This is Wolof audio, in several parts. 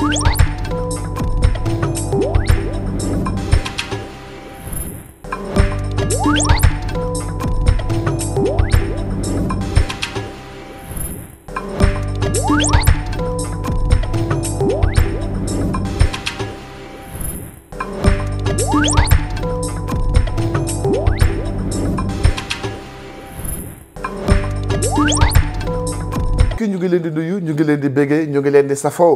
Sénégal ngi leen di nuyu ñu ngi leen di béggee ñu leen di safoo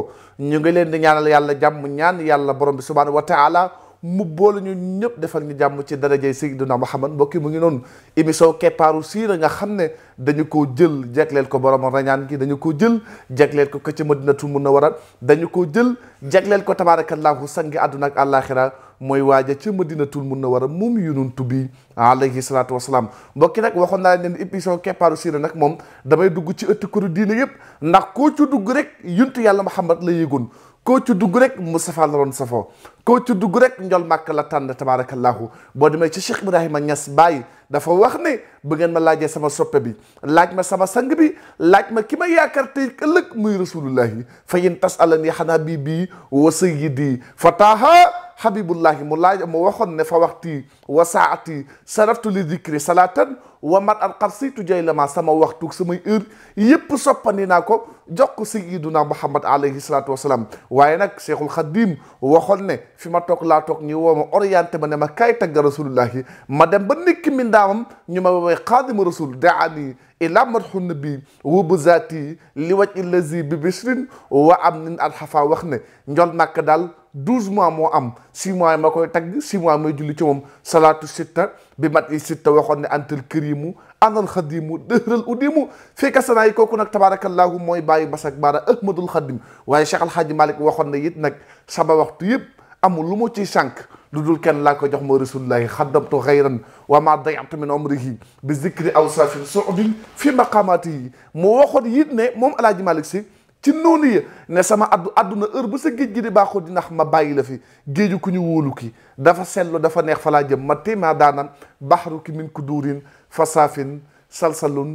ñu ngi leen di ñaanal yàlla jàmm ñaan yàlla borom bi subhaanahu wa taala mu boole ñu ñëpp defal ñu jàmm ci darajay Seydina Muhammad mbokk yi mu ngi noonu émission keppaaru siira nga xam ne dañu ko jël jagleel ko borom rañaan gi dañu koo jël jagleel ko këcc Madinatul Munawwara dañu koo jël jagleel ko tabaarakallaahu sangi àdduna ak àllaaxira mooy waaja ca Madinatul Munawwara moom yonent bi alayhi salaatu wasalaam mbokki nag waxoon naa leen émission keppaaru siira nag moom damay dugg ci ëtt këru diine yëpp ndax koo ci dugg rek yuntu yàlla Muhammad la yéegoon koo ci dugg rek Moustapha la doon safoo koo ci dugg rek njol màkk la tànn tabarakallahu boo demee ci Cheikh Ibrahima Niass Baye dafa wax ne bu ngeen ma laajee sama soppe bi laaj ma sama sang bi laaj ma ki ma yaakaar tey ëllëg muy rasulullahi fa yin tas alani xanaa bii bii wa sayyidi fataha habibullahi mu laaj mu waxoon ne fa waxti wa saati saraftu li dikri salatan wa mat an xar si tujay la ma sama waxtu samay heure soppa ni naa ko jox ko sayyiduna Muhammad alayhi salaatu wa salaam waaye nag Cheikhul Khadim waxoon ne fi ma toog laa toog ñu woo ma orienté ma ne ma kaay tagga rasulullahi ma dem ba nikki mi ndaamam ñu ma woowee xaadimu rasul daani ila bi nabi wa buzaati li waj illazi bi bishrin wa am nin alxafa wax ne njol màkk daal douze mois moo am six mois ma koy tagg six mois may julli ci moom salaatu sitta bi mat i sitta waxoon ne antal kërimu anal xadimu dëhëral udimu fekka sanaa yi kooku nag tabarakallahu mooy bàyyi basak baara ahmadul xadim waaye Cheikh Alhaaji Malick waxoon ne it nag sama waxtu yëpp amul lu mu ciy sànq lu dul kenn laa ko jox moo rasulullahi xaddamtu xayran wa ma dayatu min omrihi bi zikri awsafin suudin fi maqaamaati yi mu waxoon it ne moom Alhaaji Malick si ci noonu ya ne sama addu àdduna heure bu sa géej gi di baaxoo di nax ma bàyyi la fi géeju ku ñu wóolu ki dafa sellu dafa neex falaa laa jëm ma téemaa daanam baxaru ki min ku duurin fasaafin salsalun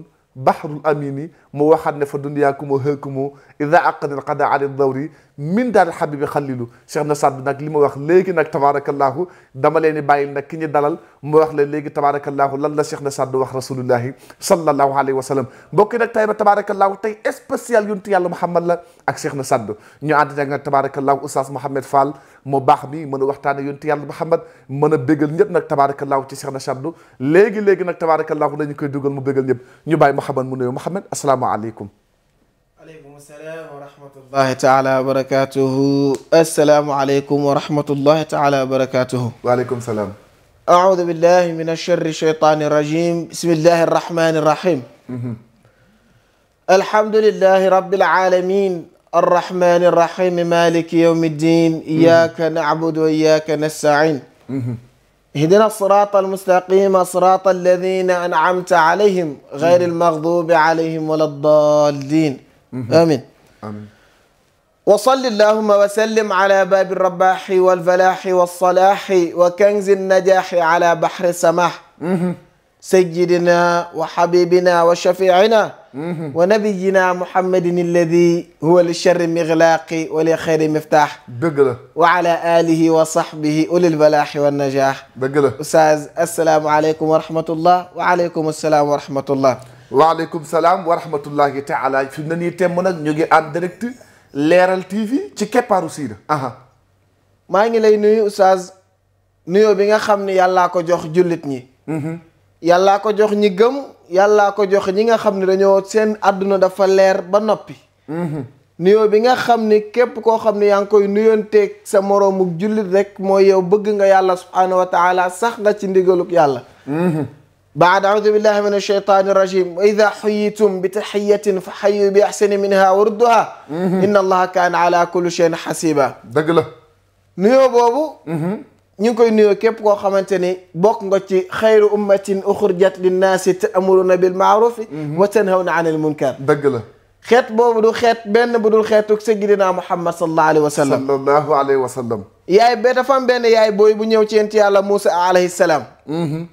baxarul amini mu waxaat ne fa dundiyaakumu hëkkumu ida aqadil qada ani dawri min daal xabibi xallilu Cheikh na Saad bi nag li ma wax léegi nag tabarakallahu dama leen di bàyyil nag ki ñu dalal mu wax leen léegi tabarakallahu lan la Cheikh na Saad wax rasulullahi sallallahu alayhi wa sallam mbokk yi nag tey ba tabarakallahu tey spécial yuntu yàlla Muhammad la ak Cheikh na Saad ñu ànd nag nag tabarakallahu Oustaz Mouhamed Fall mu baax mi mën a waxtaane yuntu yàlla Muhammad mën a bégal ñëpp nag tabarakallahu ci Cheikh na Saad léegi léegi nag tabarakallahu la ñu koy dugal mu bégal ñëpp ñu bàyyi Muhammad mu nuyu Muhammad asalaamaaleykum. aleykum salaam wa rahmatullahi taala wa barakatuhu asalaamaaleykum wa rahmatullahi taala wa barakatuhu waaleykum salaam aoudu billahi min ashari shaytaani irrajim bismillahi arrahmani irrahim mhm. alhamdulilahi rabilalamin arrahmani irrahim maliki yawmi ddin mhm. iyaka nabudu wa iyaka nastain mhm. اهدنا الصراط المستقيم صراط الذين أنعمت عليهم غير المغضوب عليهم ولا الضالين آمين آمين وصل اللهم وسلم على باب الرباح والفلاح والصلاح وكنز النجاح على بحر السماح سيدنا وحبيبنا وشفيعنا wa nabiyina muhammadin alladi huwa li charri miglaaqi wa li xayri miftaax dëgg la wa ala alihi wa sahbihi ulil balaaxi wa najaax dëgg la oustaz asalaamualeykum wa rahmatullah wa aleykum assalaam wa rahmatullah waaleykum salaam wa rahmatullahi taala fi mu ne nii temm nag ñu ngi en direct leeral tv ci keppaaru siida maa ngi lay nuyu oustaz nuyoo bi nga xam ne yàllaa ko jox jullit ñi mhm. yàllaa ko jox ñi gëm yàllaa ko joxe ñi nga xam ne dañoo seen àdduna dafa leer ba noppi mhm. nuyoo bi nga xam ni képp koo xam ne yaa ngi koy nuyonteeg sa moroomu jullit rek mooy yow bëgg nga yàlla subhaanahu wa taala sax nga ci ndigaluk yàlla mhm. baad audu billahi min alsheytaani irrajim wa ida xuyitum bi taxiyatin fa xayu bi axsani minha wa rudduha mhm. inna allaha kaana ala kulli cheyin xasiba dëgg la boobu ñu ngi koy nuyoo képp koo xamante ni bokk nga ci xayru ummatin uxurjat linnaasi ta'muruna bil ma'rufi na tanhawna anil munkar dëgg la xeet boobu du xeet benn bu dul xeetuk sayyidina Muhammad sallallahu alayhi wa sallam sallallahu alayhi wa sallam yaay ba am benn yaay booy bu ñëw ci yent yàlla Moussa alayhi salaam mhm.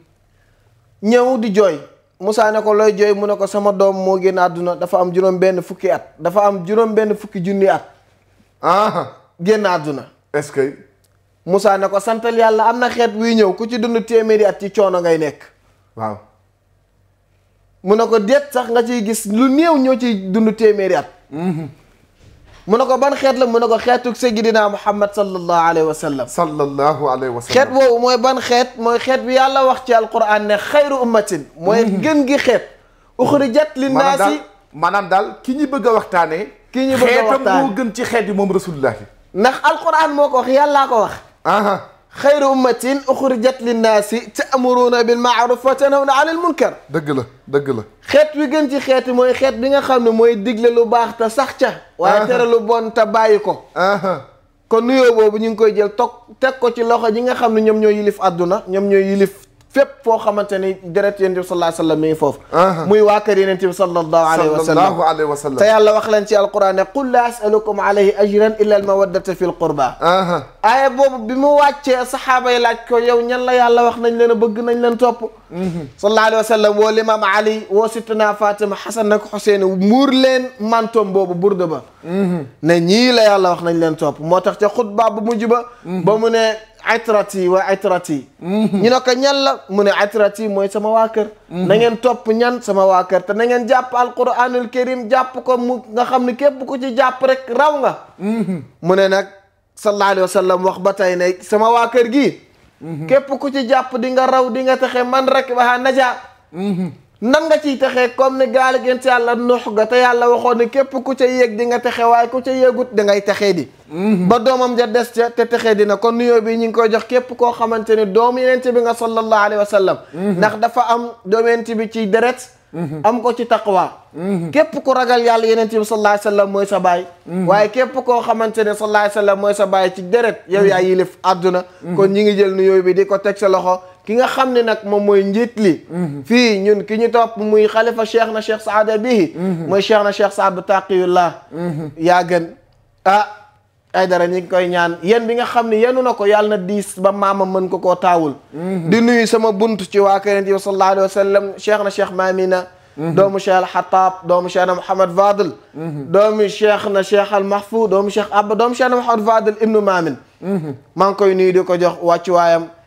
ñëw di jooy Moussa ne ko looy jooy mu ne ko sama doom moo génn àdduna dafa am juróom benn fukki at dafa am juróom benn fukki junni at ah génn àdduna Moussa ne ko santal yàlla am na xeet wuy ñëw ku ci dund téeméeri at ci coono ngay nekk waaw mu ne ko déet sax nga ciy gis lu néew ñoo ci dund téeméeri at mhm. mu ne ko ban xeet la mu ne ko xeetuk Seydina Muhammad sallallahu alayhi wa sallam sallallahu alayhi wa sallam xeet boobu mooy ban xeet mooy xeet bi yàlla wax ci alquran ne xayru ummatin mooy mhm. gën gi xeet uxrijat linnaasi maanaam daal ki ñu bëgg a waxtaanee ki ñu bëgg a waxtaanee xeetam moo gën ci xeet yi moom rasulullah ndax alquran moo ko wax yàllaa ko wax xayru ummatin uxrijat linnaasi taamuruuna bilmaaruf wa tanhawna an il munkar dëgg la dëgg la xeet wi gën ci xeeti mooy xeet bi nga xam ne mooy digle lu baax te sax ca waaye tere lu bon te bàyyi ko kon nuyoo boobu ñu ngi koy jël toog teg ko ci loxo ñi nga xam ne ñoom ñoo yilif àdduna ñoom ñooy yilif fépp foo xamante ni deret yonent bi sallallahu alayhi wa sallam mi ngi foofu uh-huh. muy waa kër yonent bi sallallahu alayhi wa sallam te yàlla wax leen ci alquran ne qul la asalukum alayhi ajran illa almawaddata fi alqurba uh-huh. aaya boobu bi mu wàccee saxaaba yi laaj ko yow ñan la yàlla wax nañ leen a bëgg nañ leen topp mm-hmm. sallallahu alayhi wa sallam woo limaam ali woo sittuna fatima xasan ak xuseen muur leen mantoom boobu burda ba mm-hmm. ne ñii la yàlla wax nañ leen topp moo tax ca xutba bu mujj ba mm-hmm. ba mu ne itrati wa itrati mhm. ñu ne ko ñan la mu ne itrati mooy sama waa kër mhm. na ngeen topp ñan sama waa kër te na ngeen jàpp alquranul karim jàpp ko mu nga xam ne képp ku ci jàpp rek raw nga mhm. mu ne nag sallallahu alayhi wa sallam wax ba tey ne sama waa kër gi képp ku ci jàpp di nga raw di nga taxe man rek waxaa najaa nan nga ciy texee comme ne gaal gën ci yàlla nuux nga te yàlla waxoon ne képp ku ca yéeg di nga texe waaye ku ci yéegut da ngay texee di mhm. ba doomam ja des ca te texee dina kon nuyoo bi ñu ngi koy jox képp koo xamante ne doom yeneen ci bi nga sallallahu alayhi wa sallam mhm. ndax dafa am doom ci bi ci deret am ko ci taqwa képp ku ragal yàlla yeneen bi sallallahu alayhi wa mooy sa baay waaye képp koo xamante ne sallallahu alayhi wa mooy sa baay ci deret yow yaa yilif àdduna kon ñi ngi jël yooyu bi di ko teg sa loxo ki nga xam ne nag moom mooy njiit li fii ñun ki ñu topp muy xalifa cheikh na cheikh saada bihi mm-hmm. mooy cheikh na cheikh saad bu taqiyullah mm-hmm. yaa gën ah ay dara ñi ngi koy ñaan yéen bi nga xam ne yenu na ko yàlla na diis ba maama mën ko koo taawul mhm. di nuyu sama bunt ci waa Yonent bi sallallahu alayhi wa sallam cheikh na cheikh maamina mhm. doomu na al xataab doomu cheikh na Mouhamed Fadel mhm. doomu cheikh na cheikh al mahfou doomu cheikh abba doomu cheikh na Mouhamed Fadel ibnu maamin maa ngi koy nuyu di ko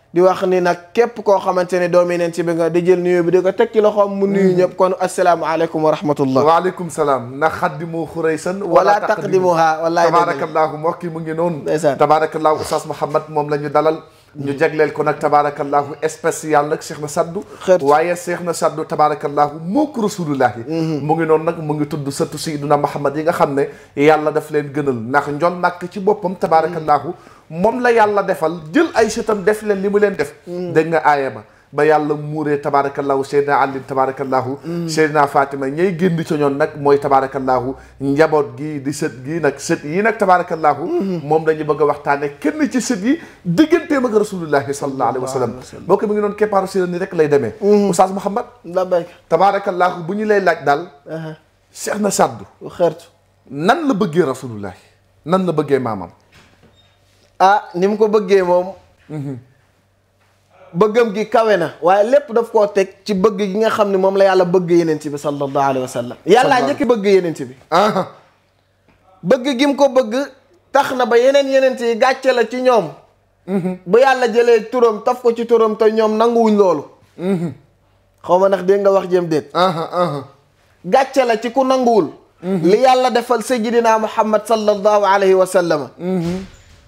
di wax ni nag képp koo xamante ne doomi neen ci bi nga di jël nuyoo bi di ko teg ci loxoom mu nuyu ñëpp kon asalaamaaleykum wa rahmatullah waaleykum salaam na xaddimu xuraysan wala taqdimuha wallahi tabarakallahu mbokk yi mu ngi noonu tabarakallahu oustaz Mouhamed moom la ñu dalal ñu jagleel ko nag tabarakallahu spécial nag Cheikh na Saddu waaye Cheikh na Saddu tabarakallahu mook rasulullahi mhm. mu ngi noonu nag mu ngi tudd sëttu Seydina Mouhamed yi nga xam ne yàlla daf leen gënal ndax njool màkk ci boppam tabarakallahu moom la yàlla defal jël ay sëtam def leen li mu leen def mm. dégg nga aaya ba ba yàlla muuree tabaarakallahu seydina Ali tabaarakallahu mm. seydina Fatima ñay génn ca ñoon nag mooy tabaarakallahu njaboot gi di sët gi nag sët yi nag tabaarakallahu mm. moom dañu bëgg a waxtaane kenn ci sët yi digganteem ak rasulullahi sallallahu alayhi wa sallam boo ko mi ngi noon keppaaru sira ni rek lay demee oustaz Mouhamad tabaarakallahu bu ñu lay laaj daal seex na sàddu xertu nan la bëggee rasulullahi nan la bëggee maamam ah ni mu ko bëggee moom mhm. bëggam gi kawe na waaye lépp daf koo teg ci bëgg gi nga xam ne moom la yàlla bëgg yeneen ci bi sallallahu alayhi wa sallam yàllaa njëkk bëgg yeneen bi ah. bëgg gi ko bëgg tax na ba yeneen yeneen yi gàcce la ci ñoom mhm. yàlla jëlee turam taf ko ci turam te ñoom nanguwuñ loolu mhm. xaw ma ndax dégg nga wax jëm déet gàcce la ci ku nanguwul li yàlla defal sayyidina muhammad sallallahu alayhi wa sallam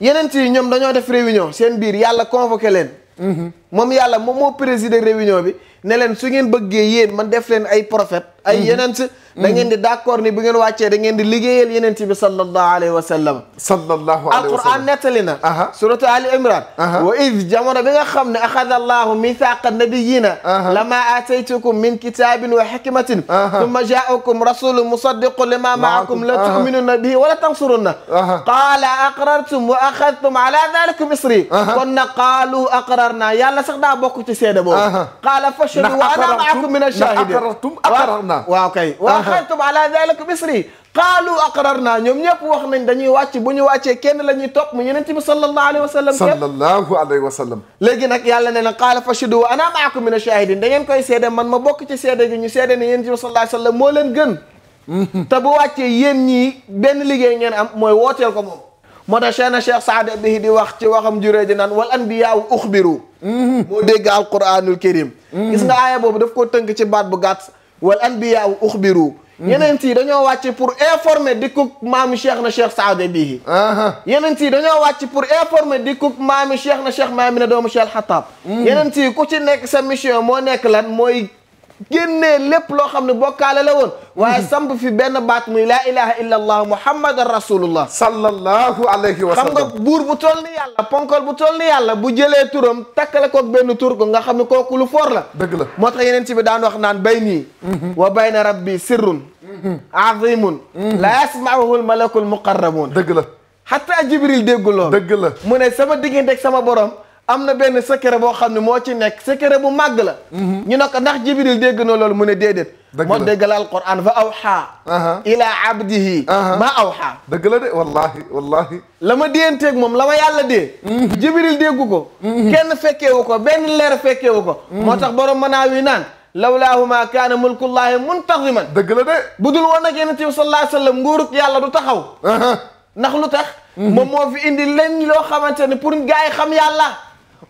yeneen yi ñoom dañoo def réunion seen biir yàlla convoqué leen. Mhm. moom yàlla moom moo présider réunion bi ne leen su ngeen bëggee yéen man def leen ay prophète ay yenent da ngeen di d'accord ni bu ngeen wàccee da ngeen di liggéeyal yenent bi sallallahu alayhi wa sallam sallallahu alayhi wa sallam alquran nettali na suratu ali imran wa id jamono bi nga xam ne axada allahu mithaqa nabiyina lama aataytukum min kitabin wa xikmatin thumma jaakum rasulun musaddiqu lima maakum la tuminuna bihi wala tansurunna qaala aqrartum wa axadtum ala dalikum isri kon na qaalu aqrarna yàlla sax daa bokk ci seede boobu qaala fashhadu wa ana maakum min ashahidin waaw kay wa xaltum ala dalika bisri qaalu aqrarna ñoom ñëpp wax nañ dañuy wàcc bu ñu wàccee kenn la ñuy topp mu yenente bi sallallahu alayhi wa sallam sallallahu alayhi wa sallam léegi nag yàlla ne na qaala fashidu wa ana maakum min ashahidin da ngeen koy seede man ma bokk ci gi ñu seede ne yenente bi sallallahu alayhi wa moo leen gën mm-hmm. te bu wàccee yéen ñii benn liggéey ngeen am mooy wooteel ko moom moo tax Cheikhna Cheikh Saad Bihi di wax ci waxam juree di naan wal anbiyaau wal anbiya uxbiru mhm. yenent yi dañoo wàcc pour informer dikkug maami cheikh na cheikh saada bihi yenent yi dañoo wàcc pour informer dikkug maam cheikh na maam mi na doomu cheikh xataab mhm. yenent yi ku ci nekk sa mission moo nekk lan mooy génnee lépp loo xam ne bokkaale la woon waaye samp fi benn baat muy laa ilaha illa allah muhammadan rasulullah sallallahu alayhi wa sallam xam nga buur bu toll ni yàlla ponkol bu toll ni yàlla bu jëlee turam takkale koog benn tur ko nga xam ne kooku lu foor la dëgg la moo tax yeneen ci bi daan wax naan bay nii mhm. wa bayna rabbi sirrun mhm. azimun mhm. la yasmaahu l malakul muqarrabuun dëgg la xataa jibril dégguloo dëgg la mu ne sama diggante ak sama borom am na benn secret boo xam ne moo ci nekk secret bu màgg la mhm. ñu ne ko ndax jibril dégg na loolu mu ne déedéet moo dégg la alquran fa awxaa ilaa abdihi maa awxaa dëgg la de wallahi wallahi la ma déenteeg moom la ma yàlla dee mhm. jibril déggu ko mhm. kenn fekkeewu ko benn leer fekkeewu ko moo tax ma manaa wi naan lawlaahu maa kaana mulkullaahi muntaziman dëgg la de bu dul woon ak yonent bi sallallaahu alayhi wa sallam yàlla du taxaw ndax lu tax moom moo fi indi lenn loo xamante ne pour gaa xam yàlla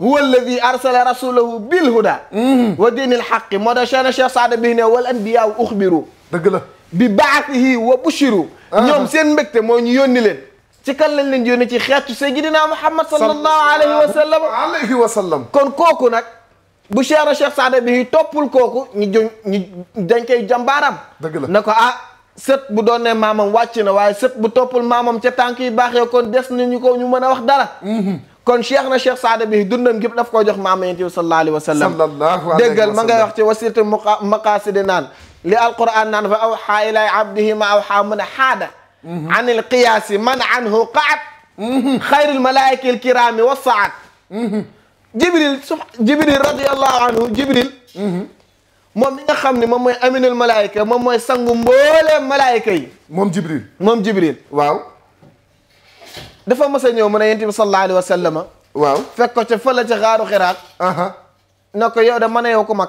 huwa alladi arsala rasulahu bil huda mm-hmm. wa diinil xaqi moo tax Cheikh na Cheikh Saada bi ne wal anbiyaa uxbiru dëgg la bi baatihi wa bushiru ah. ñoom seen mbégte moo ñu yónni leen ci kan lañ leen yónni ci xeetu Seydina Muhammad sallallahu alayhi wa sallam alayhi wa sallam kon kooku nag bu Cheikh na Saada bi toppul kooku ñu joñ ñu dañ koy jàmbaaram dëgg la na ko ah set bu doon ne maamam wàcc na waaye sët bu toppul maamam ca tànk yi baaxee kon des ñu ko ñu mën a wax dara mm-hmm. kon cheikh na cheikh saada bi dundam gépp daf koo jox maam yonent bi sallallahu alayhi wa sallam déggal ma ngay wax ci wasirtu maqasidi naan li alquran naan fa aw xaa ilay abdihi ma aw xaa mun a xaada mhm. an il qiyaasi man anhu qaat mhm. xayril malaayika il kiraami wa saat mhm. jibril su jibril radiallahu anhu jibril moom mi nga xam ne moom mooy aminul malaayika moom mooy sangu mbooleem malaayika yi moom jibril moom jibril waaw dafa mës a ñëw mu ne yonent bi sallallahu alayhi wa waaw fekk ko ca fële ca xaaru xiraat ne ko yow de mën a yow ku mag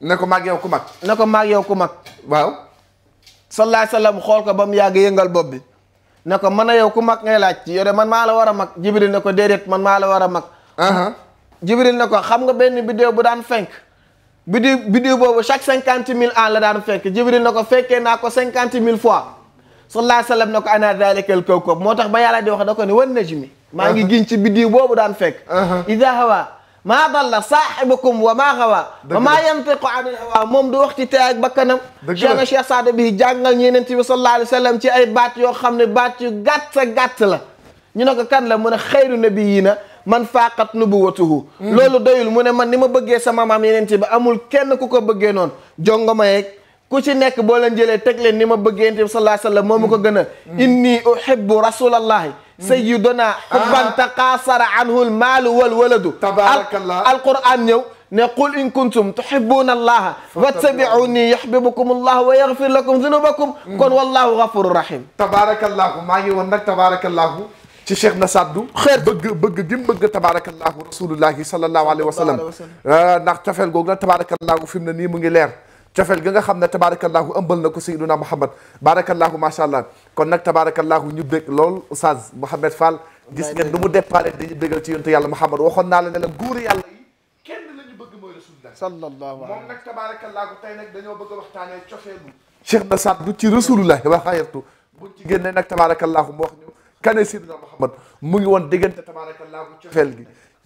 ne ko maag yow ku mag ne ko maag yow ku mag waaw sallallahu alayhi wa sallam xool ko ba mu yàgg bopp bi ne ko mën a yow ku mag ngay laaj ci yow de man maa la war a mag jibril ne ko déedéet man maa la war a mag jibril ne ko xam nga benn bidéew bu daan fenk bidéew bidéew boobu chaque cinquante mille ans la daan fenk jibril ne ko fekkee naa ko cinquante mille fois sallallahu alayhi wa ko ana dhalika al kawkab moo tax ba yàlla di wax da ko ne wan najmi maa ngi uh-huh. giñ ci biddiw boobu daan fekk uh-huh. ida hawa maa dalla saaxibukum wa maa xawa wa maa yantiqu anil hawa moom du wax ci tey ak bakkanam cheikhna cheikh saada bi jàngal ñenent bi sallallahu alayhi sallam ci ay baat yoo xam ne baat yu gàtt gàtt la ñu ne ko kan la mu ne xayru nabiyina man faaqat nubuwatuhu mm-hmm. loolu doyul mu ne man ni ma bëggee sama maam yeneen ci amul kenn ku ko bëggee noonu jongo ma yeeg ku ci nekk boo leen jëlee teg leen ni ma bëgg yonent bi sallallahu alayhi wa sallam moo ma ko gën a mm. inni uhibbu rasulallahi mm. sayyiduna hubban ah. taqaasara anhu al maalu wal waladu tabaarakallah alquran ñëw ne qul in kuntum tuhibbuna allaha fattabi'uni yuhibbukum allah wa yaghfir lakum dhunubakum mm. kon wallahu ghafurur rahim tabaarakallahu maa ngi woon nag tabaarakallahu ci Cheikh na saddu xeer bëgg bëgg gim bëgg tabaarakallahu rasulullahi sallallahu alayhi wa sallam ah, ndax cofeel googu nag tabaarakallahu fi mu ne nii mu ngi leer cofeel gi nga xam ne tabaarakallaahu ëmbal na ko sayyiduna Muhammad baarakallaahu macha allah kon nag tabaarakallaahu ñu bég lool Oustaz Mouhamed Fall gis ngeen lu mu déparé dañu bégal ci yontu yàlla Muhammad waxoon naa la ne la góor yàlla yi kenn la ñu bëgg mooy rasulullah sallallahu moom nag tabaarakallaahu tey nag dañoo bëgg a waxtaanee cofeelu Cheikh na Saddu ci rasulullah wa xayatu buñ ci génnee nag tabaarakallaahu mu wax ñu kane sayyiduna Muhammad mu ngi woon diggante tabaarakallaahu cofeel gi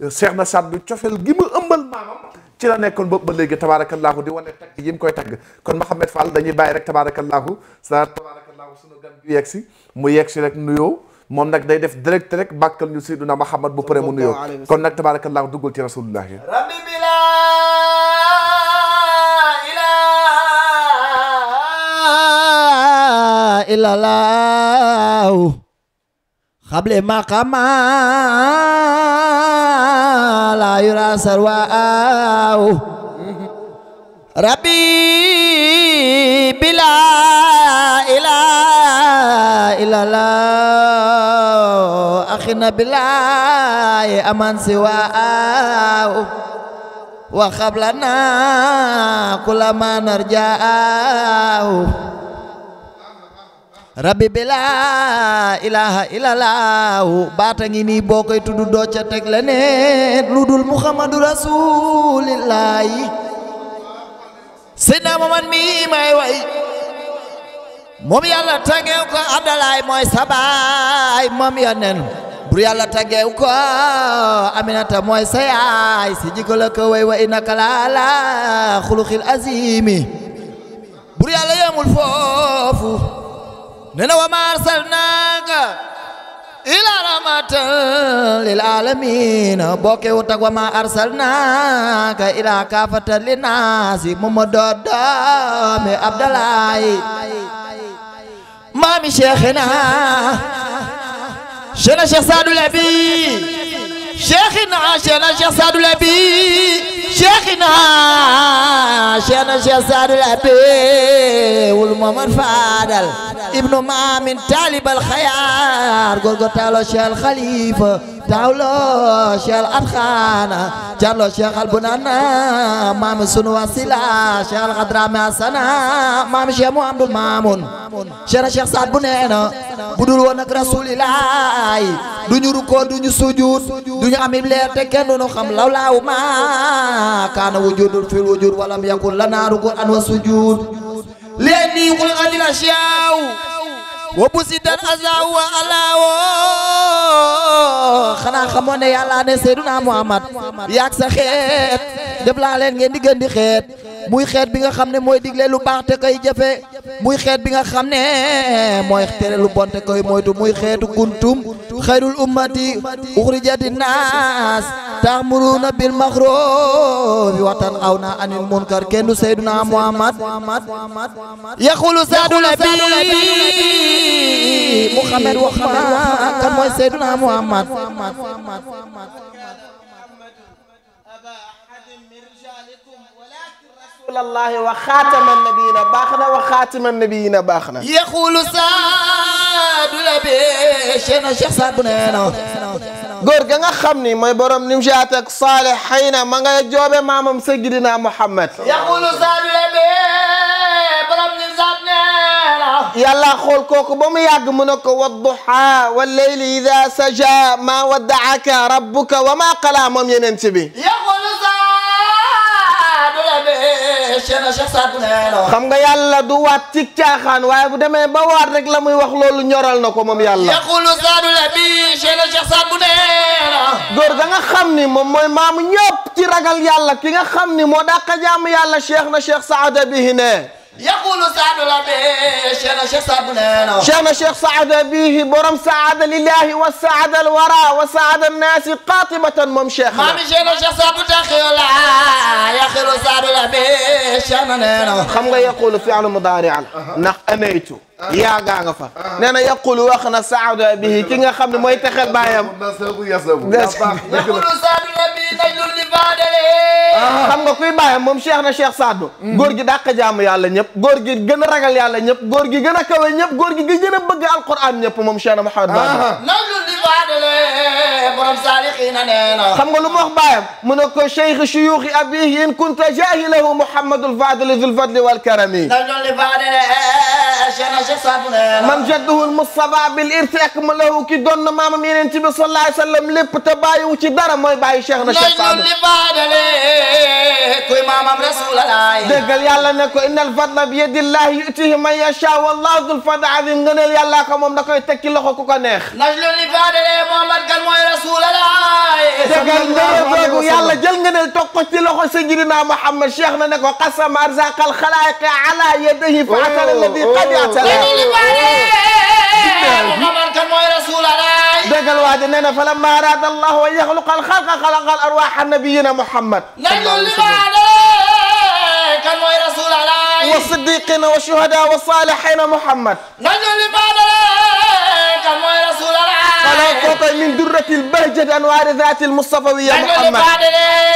Cheikh na Saddu cofeel gi mu ëmbal maamam ci la nekkoon boobu ba léegi tabaarakallaahu di wane tagg yi mu koy tagg kon Mouhamed Fall dañuy bàyyi rek tabaarakallaahu sa tabaarakallaahu sunu gan yu yegg si mu yegg si rek nuyoo moom nag day def direct rek bàkkal ñu Seydina Mouhamed bu pare mu nuyoo kon nag tabaarakallaahu duggul ci rasulullah yi rabbi bi la ilaha illallah قبل مقام لا يرى سرواه ربي بلا إله إلا الله أخنا بالله أمن سواه وقبلنا كل ما نرجاه rabbi bi laa ilaha illallah baata ngi nii boo koy tudd doo ca teg leneen lu muhammadu rasulillahi sidna Muhammad mi may way moom yàlla taggeew ko abdalaay mooy sabaay moom yonen bur yàlla taggeew ko aminata mooy sa si jikko la ko way wa innaka laala xuluxil azimi bur yàlla yamul foofu nee wa ma arsalnaaka ila rahmatan lil alamin bokkewut ak wa ma arsalnaaka ila kaafatan lin naasi mooma doo doomi abdalaayi maami cheikhina cheikhna cheikh saadou labi شيخنا شيخنا شيخ سعد الأبي شيخنا شيخنا شيخ سعد الأبي والمامر فادل ابن مامن طالب الخيار قرقر تعالوا شيخ الخليفة تعالوا شيخ الأرخانة تعالوا شيخ البنانا مام سنو وسيلة شيخ الخضراء ماسنا مام شيخ محمد المامون شيخنا شيخ سعد بنينا بدل ونك رسول الله دنيو ركو دنيو سجود duñu amim leer te kenn duñu xam law laaw ma kaana wujudul fil wujud walam yakun lanaa rukuan wa sujud leen nii xul anil asiyaaw wa busitan asaaw wa alaawo xanaa xamoon ne yàlla Seyduna Muhammad yaag sa xeet def laa leen ngeen di gën di xeet muy xeet bi nga xam ne mooy digle lu baax te koy jafe muy xeet bi nga xam ne mooy tere lu bon te koy moytu muy xeetu kuntum xayrul ummati uxrijati naas taamuruuna bil maxroofi waxtaan aw naa anil munkar kenn du Seydina Muhammad yaqulu saadu nabi Muhammad wax ma kan mooy Seydina Muhammad rasulullahi wa xaatama nabiina baax na wa xaatama nabiina baax na yaqulu saadu góor ga nga xam ni mooy borom nimjaat ak saalihiina ma nga joobe maamam sayyidina Muhammad yaqulu saalibe borom nimjaat neena yàlla xool kooku ba mu yàgg mu ne ko wadduha wal layli idha saja ma waddaaka rabbuka wa ma qala moom yeneen ci bi yaqulu xam nga yàlla du waat ci waaye bu demee ba waat rek la muy wax loolu ñoral na ko moom yàlla. yaqulu saadu la bi Cheikhna Cheikh Saad bu neena. góor ga nga xam ni moom mooy maamu ñëpp ci ragal yàlla ki nga xam ni moo dàqa jaamu yàlla Cheikhna Cheikh Saad bihi ne. yaqulu saadu la bee Cheikh na Cheikh Saad bu neena. Cheikh na Cheikh Saada bihi borom saada lillahi wa saada alwara wa saada annaasi qaatibatan moom Cheikh. maami Cheikh na Cheikh Saad bu taxiw la yaqulu saadu la bee Cheikh na neena. xam nga yaqulu fi'lu mudaari ndax amaytu. yaa gaa nga fa. nee na yaqulu wax na saada bihi ki nga xam ne mooy taxal baayam. yaqulu saadu la bii Ah. xam nga kuy bàyyam moom cheikh na cheikh Sadou. Mm. góor gi dàq jaamu yàlla ñëpp góor gi gën a ragal yàlla ñëpp góor gi gën a kawe ñëpp góor gi gën a bëgg alquran ñëpp moom cheikh na Mouhamed Ba. Ah. xam nga lu mu wax bàyyam mu ne ko cheikh shuyuuxi abihi in kunta jaahilahu Mouhamadul Fadili zul fadli wal karami. man jadduhu Mustafa bil irtiq ma lahu ki doon na maamam yeneen ci bi sallallahu alayhi wa sallam lépp te bàyyiwu ci dara mooy bàyyi cheikh na cheikh Sadou. jaadale kuy maamam rasulallah dëggal yàlla ne ko innal fadla bi yadillahi yutihi man yasha wallahu dul fadl azim ngëneel yàlla ko moom da koy teg ci loxo ku ko neex najlu li faadale Muhammad kan mooy rasulallah dëggal ngëneel boobu yàlla jël ngëneel tog ko ci loxo sayyidina Muhammad cheikh na ne ko qasama arzaqal xalaayiqi ala yadihi fa oh, atala alladi qad oh. atala mu xamal kan mooy rasulallah. dëggal waa ji nee na fa lammaa araada Allahu an yaxluqa al-xalqa xalaqa al-arwaaxa nabiyyina Muhammad. kan mooy rasulallah. wa siddiqina wa shuhadaa wa saalihina Muhammad. kan mooy rasulallah. falaa tuuta min durrati l-bahjati anwaari zaati l-mustafawiyya Muhammad.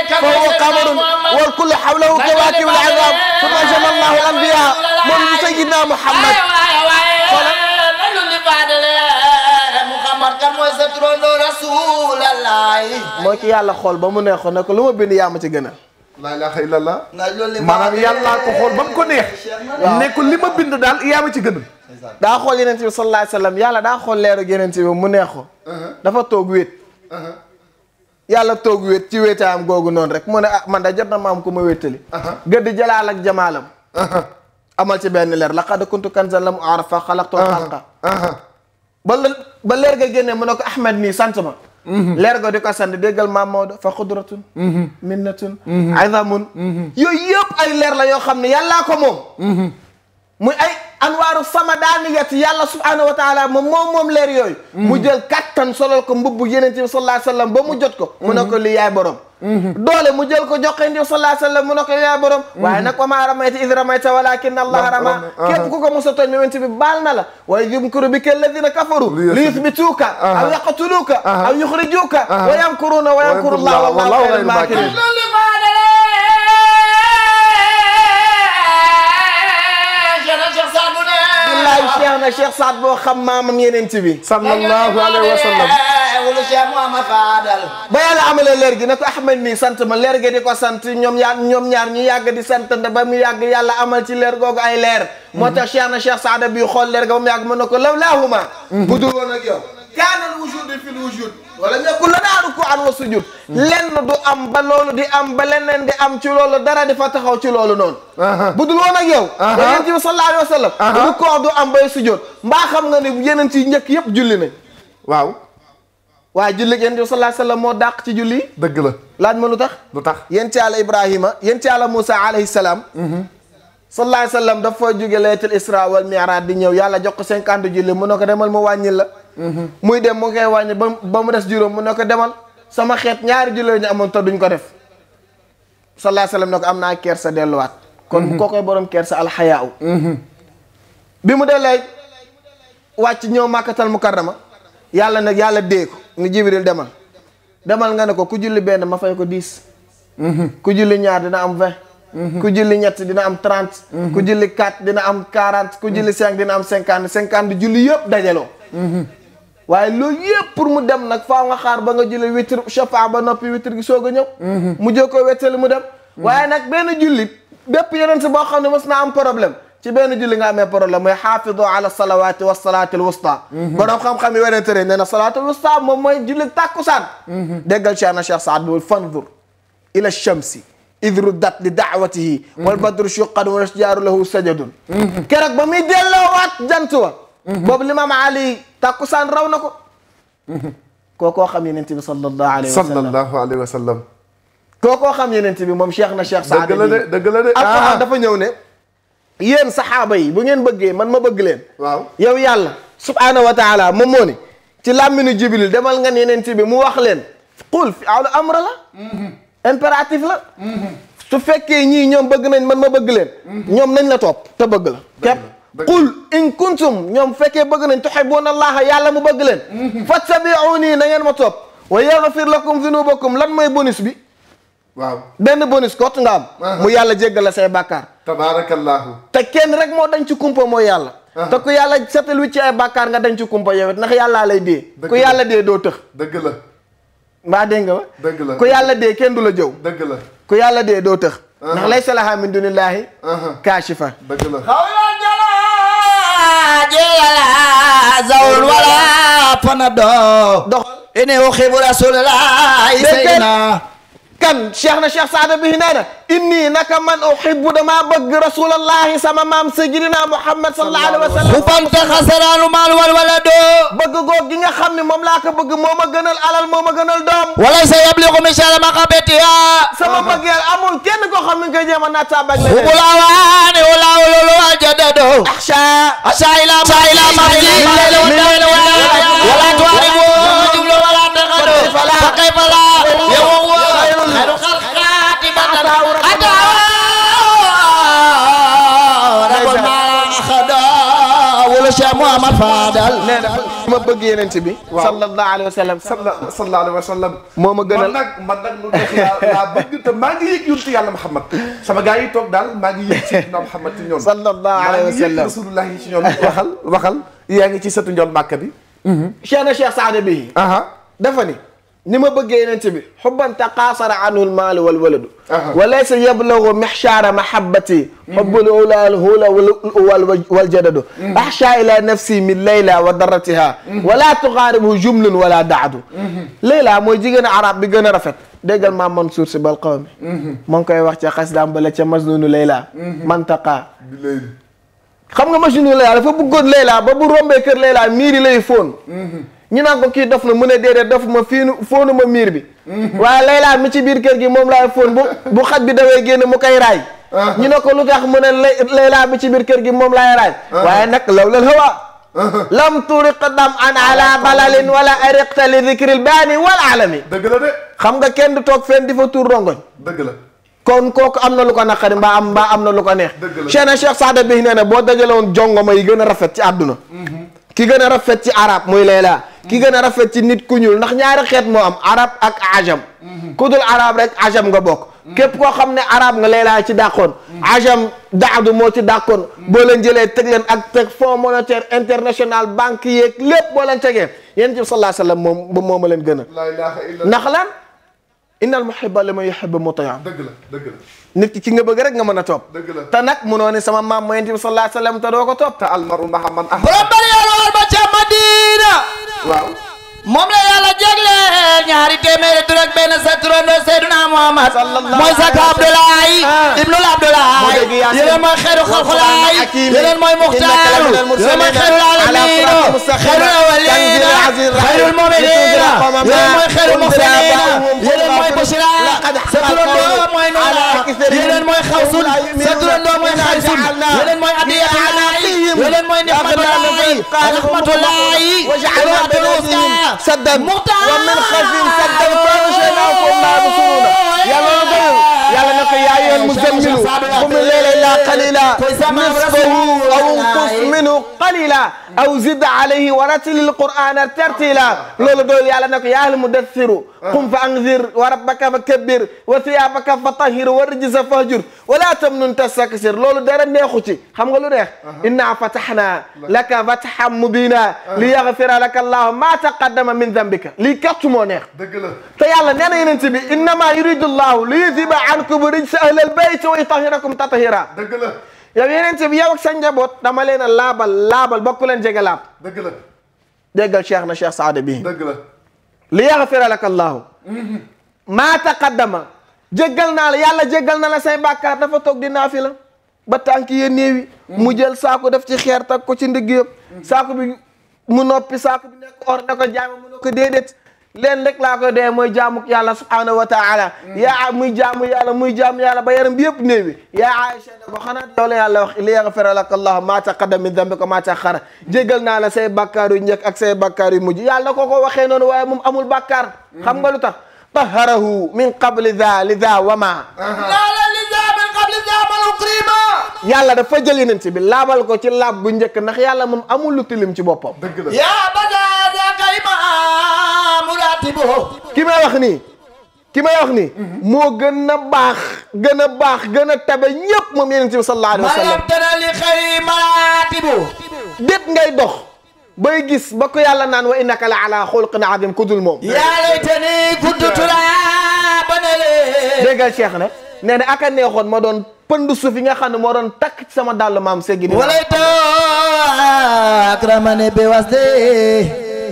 fa huwa qamarun wal kullu hawlahu kawaakibu l-'izaam. fa ma jama Allahu l-anbiyaa moom sayyidina Muhammad. moo ci yàlla xool ba mu neexoon ne ko lu ma bind yaa ma ci gën a. laa ilaaha illallah. maanaam yàllaa ko xool ba mu ko neex. ne li ma bind daal yaa ma ci gën a. daa xool yeneen bi yàlla daa xool leeru yeneen bi mu neex ko. Uh-huh. dafa toog wéet. Uh-huh. yàlla toog wéet ci wéetaayam googu noonu rek mu ne ah man da jot na ma am ku ma wéetali. Uh-huh. gëdd jalaal ak jamaalam. amal ci benn leer laqad kuntu kanzan lam u'raf fa xalaqtu xalqa ba la ba leer ga génnee mu ne ko Ahmed nii sant ma mhm. leer ga di ko sant déggal maam Maodo fa xudratun mhm. minnatun mhm. azamun yooyu yëpp ay leer la yoo xam ne yàllaa ko moom muy ay anwaaru samadaniyat yàlla subhaanahu wa taala moom moom moom leer yooyu mu mm-hmm. jël kattan solal ko mbubbu yeneen bi sallallahu alayhi wa sallam ba mu jot ko mu ne ko mm-hmm. lii yaay borom mm-hmm. doole mu jël ko jox ko yeneen bi sallallahu alayhi wa sallam mu ne ko lii yaay borom waaye nag wa maa ramayta id ramayta walakin allah rama képp ku ko mos a tooñ mi wente bi baal na la wa yumkuru bika alladina kafaru li yuthbituuka aw yaqtuluuka aw yuxrijuuka wa yamkuruuna wa yamkuru allah wallahu xayrul maakirin Baay Cheikh na Cheikh Saad boo xam maamam yeneen eh, ci ba yàlla amalee leer gi ne ko Ahmed mii sant ma leer gi di ko sant ñoom ñaar ñoom ñaar ñu yàgg di sant nda ba mu yàgg yàlla amal ci leer ga ay moo tax Cheikh na Cheikh Saad bi xool leer ga ba mu yàgg mën na ko law laahuma. Mm-hmm. bu dul woon ak yow. kaanal wujud fi l wala ñekkul la daaru ko an wa sujud lenn du am ba loolu di am ba leneen di am ci loolu dara di fa taxaw ci loolu noonu bu dul woon ak yow yonent bi sallallahu alayhi wa sallam du koor du am bay sujud mbaa xam nga ci njëkk yëpp julli nañ waaw waaye julli yonent bi sallallahu alayhi wa sallam moo dàq ci julli dëgg la laaj ma lu tax lu tax yonent Yàlla Ibrahima yonent Yàlla Moussa alayhi salaam mhm. sallallahu alayhi wa sallam dafa jóge laylatul isra wal mi'raj di ñëw yàlla jox ko cinquante julli mu ne ko demal mu wàññil la muy dem mu koy wàññi ba ba mu des juróom mu ne ko demal sama xeet ñaari juróom ñu amoon te duñ ko def sallallahu alayhi wasallam ne am naa sa delluwaat. kon mhm. koo koy borom kersa alxayaaw. Mhm. bi mu dellee wàcc ñëw màkkatal mukarrama yàlla nag yàlla dee ko ni jibril demal demal nga ne ko ku julli benn ma fay ko dix. Mhm. ku julli ñaar dina am vingt. ku julli ñett dina am trente. ku julli quatre dina am quarante ku julli cinq dina am cinquante cinquante julli yëpp dajaloo. waaye loolu yëpp pour mu dem nag faaw nga xaar ba nga jëlee witr shafaa ba noppi witr gi soog a ñëw mhm. mu jël ko wettali mu dem mhm. waaye nag benn julli bépp yeneen si boo xam ne mos naa am problème ci benn julli nga amee problème mooy xaafidu ala salawaati wa salaatil wusta mhm. borom xam-xam yi werante ne nee na salaatil wusta moom mooy julli tàkkusaan déggal Cheikhna Cheikh Saad Bou fanzur ila shamsi id ruddat li daawatihi wal badru shuqqan wa ashjaaru lahu sajadun keroog ba muy jant wa Mhm. boobu limaam Ali tàkkusaan raw na ko. Mhm. kookoo xam yeneen bi sallallahu alayhi wa sallam sallallahu alayhi wa sallam. kookoo xam yeneen bi moom Cheikh na Cheikh. Saad dëgg la de dëgg ah. dafa ñëw ne. yéen saxaaba yi bu ngeen bëggee man ma bëgg leen. waaw yow yàlla subhaanahu wa taala moom moo ni. ci làmminu Jibril demal nga yeneen bi mu wax leen. qul fi awlu amra la. Mhm. impératif la. su fekkee ñii ñoom bëgg nañ man ma bëgg leen. ñoom nañ la topp te bëgg la képp. qul in kuntum ñoom fekkee bëgg nañ tuhibbuuna allaaha yàlla mu bëgg leen mm-hmm. fattabi'uunii na nangeen ma topp wa yaghfir lakum zunuubakum lan mooy bonus bi waaw benn bonus kot nga am uh-huh. mu yàlla jéggal la say bàkkaar tabaarakallaahu te kenn rek moo dañ ci kumpa mooy yàlla uh-huh. te ku yàlla setal wi ci ay bàkkaar nga dañ ci kumpa yow ndax yàllaa lay dee ku yàlla dee doo tëx dëgg la mbaa dégg nga dëgg la ku yàlla dee kenn du la jëw dëgg la ku yàlla dee doo tëx ndax uh-huh. laysa lahaa min dunillaahi kaashifa dëgg la زول ولا فندو إني أحب رسول الله سيدنا kan cheikh na cheikh saada bi nee na inni naka man uhibbu dama bëgg rasulallahi sama maam sayyidina muhammad sallallahu alayhi wa sallam bu bamta xasaraanu maal wal walado bëgg goog gi nga xam ne moom laa ko bëgg moo ma gënal alal moo ma gënal doom wala sa yabliqu misala maqabatiha sama bëggeel amul kenn koo xam ne nga jéem a naat sa bañ la ubulawaane walaaw loolu wajadado ahsha ahsha ila ma ila ma ila ma wala tuwaribu jublu wala taqado Ahmad Fadal. nee na ma bëgg yeneen bi. waaw sallallahu alayhi wa sallam. sallallahu alayhi wa sallam. moo ma gënal man nag man nag lu neex laa bëgg te maa ngi yëg yuntu yàlla Muhammad sama gars yi toog daal maa ngi yëg Seydina Muhammad ci ñoom. sallallahu alayhi wa sallam maa ngi yëg rasulullahi ci ñoom. waxal waxal yaa ngi ci sëtu njool Màkka bi. Mhm. Cheikh na Cheikh Saada bi. dafa ni. ni ma bëggee yonent bi xubban taqaasara anhu almaalu wal waladu wa laysa yablagu mixchaara mahabbati xubbul ulal hula wal wal jadadu mhm. axsha ila nafsi min layla wa daratiha mhm. wala tuqaaribu jumlun wala daadu mhm. layla mooy jigéen arab bi gën a rafet déggal maam Mansuur Si bal qawmi ma ngi koy wax ca xasdaam bala ca majnunu layla mantaqa xam nga majnunu layla dafa bëggoon layla ba bu rombee kër layla miiri lay foon ñu naan kii dof na mu ne déedéet dof ma fii fóonu ma miir bi mm-hmm. waaye laylaa mi ci biir kër gi moom laay fóon bu xaj bi dawee génn mu koy raay uh-huh. ñu ne ko lu tax mu ne laylaa mi ci biir kër gi moom laay raay uh-huh. waaye nag law lal hawa uh-huh. lam turiqa dam an ala balalin wala ariqta li dikril baani wal alami dëgg la xam nga kenn du toog feen di fa tuur rongoñ dëgg la kon kooku am na lu ko naqari mbaa am mbaa am na lu ko neex Cheikh na Cheikh Saada bi nee na boo dajalewoon woon jongoma yi gën a rafet ci àdduna mm-hmm. ki gën a rafet ci arab muy Layla ki gën a rafet ci nit ku ñuul ndax ñaari xeet moo am arab ak ajam ku dul rek ajam nga bokk képp koo xam ne arab nga Layla ci dàqoon ajam daadu moo ci dàqoon boo leen jëlee teg leen ak teg fonds monétaire international banque yeeg lépp boo leen tegee yéen ci sallallahu alayhi wasallam moom ba mooma leen gën a innal muhibba li man yuhibbu muti'un dëgg la dëgg la nit ki ci nga bëgg rek nga mën a topp dëgg la te nag munoo ne sama maam mooy yonent bi sallallahu alayhi wa sallam te doo ko topp te almaru mahamman ah borom bari yàlla war ba ca Madina waaw moom la yàlla jagleel ñaari téeméeri tur ak benn sa turandoo Seydina Muhammad mooy saka Abdoulaye ah. ibnul Abdoulaye yéen a ma xeeru xalxulaay yeneen mooy muxtaaru yow ma xeeru alamiina xeeru awaliina xeerul muminiina yeneen mooy xeeru muxsiniina yeneen mooy Bushra sa turandoo mooy Nuna yeneen mooy Xawsun sa turandoo mooy Xaysun yeneen mooy Adiyatulaay yeneen mooy Nixmatulaay Raxmatulaay imaatul wustaa saddan muxtaar yàlla na ko yaa yoon mu zammilu xum leela ilaa qalila nisfahu aw inqus minhu qalila aw zid alayhi wa ratilil qur'ana tartila loolu doolu yàlla na ko yaa al mudassiru qum fa anzir wa rabbaka fa kabbir wa thiyabaka fa tahir wa rijza fahjur wala tamnun tastakthir loolu dara neexu ci xam nga lu neex uh-huh. inna fatahna laka fathan mubina uh-huh. li yaghfira laka allahu ma taqaddama min dhanbika lii kett moo neex dëgg la te yàlla nee na yeneen bi innama yuridu allahu li yuthiba ankumu rijsa ahlal bayti wa yutahhirakum tatahira dëgg yeneen ci bi yow ak sa njaboot mm-hmm. dama leen a laabal laabal bokk leen jege laab dëgg la déggal na cheikh saada bi dëgg la li maa taqaddama jéggal naa la yàlla jéggal na la say bàkkaar dafa toog di naafi la ba tànk yee mm-hmm. jël saako def ci xeer tag ko ci ndigg yëpp mm-hmm. saako bi mu noppi saako bi nekk or ne jaama mu ne ko leen rek laa koy dee mooy jaamu yàlla subhaanahu wa taala muy jaamu yàlla muy jaamu yàlla ba yaram bi yëpp néewi yaa Aïcha wax li yaghfira allah maa taqaddama min dambika maa ta'akhkhara jégal naa la say ak say bàkkaar mujj yàlla koo ko waxee noonu waaye moom amul bàkkaar xam nga lu tax taharahu min qabli dha li dha wa ko ci laab bu njëkk ndax yàlla moom amul lu tilim ci boppam ki may wax nii ki may wax nii moo gën a baax gën a baax gën a tabe ñëpp moom yeneen si bi sallallahu alayhi wa sallam li xëy maratibu déet ngay dox bay gis ba ko yàlla naan wa innaka la ala xulqin azim ku dul moom yaa laytani kuntu turaaban déggal Cheikh ne nee na ak a neexoon ma doon pënd suuf nga xam ne moo doon takk ci sama dàll maam seggi ni walayta akramani bi wasde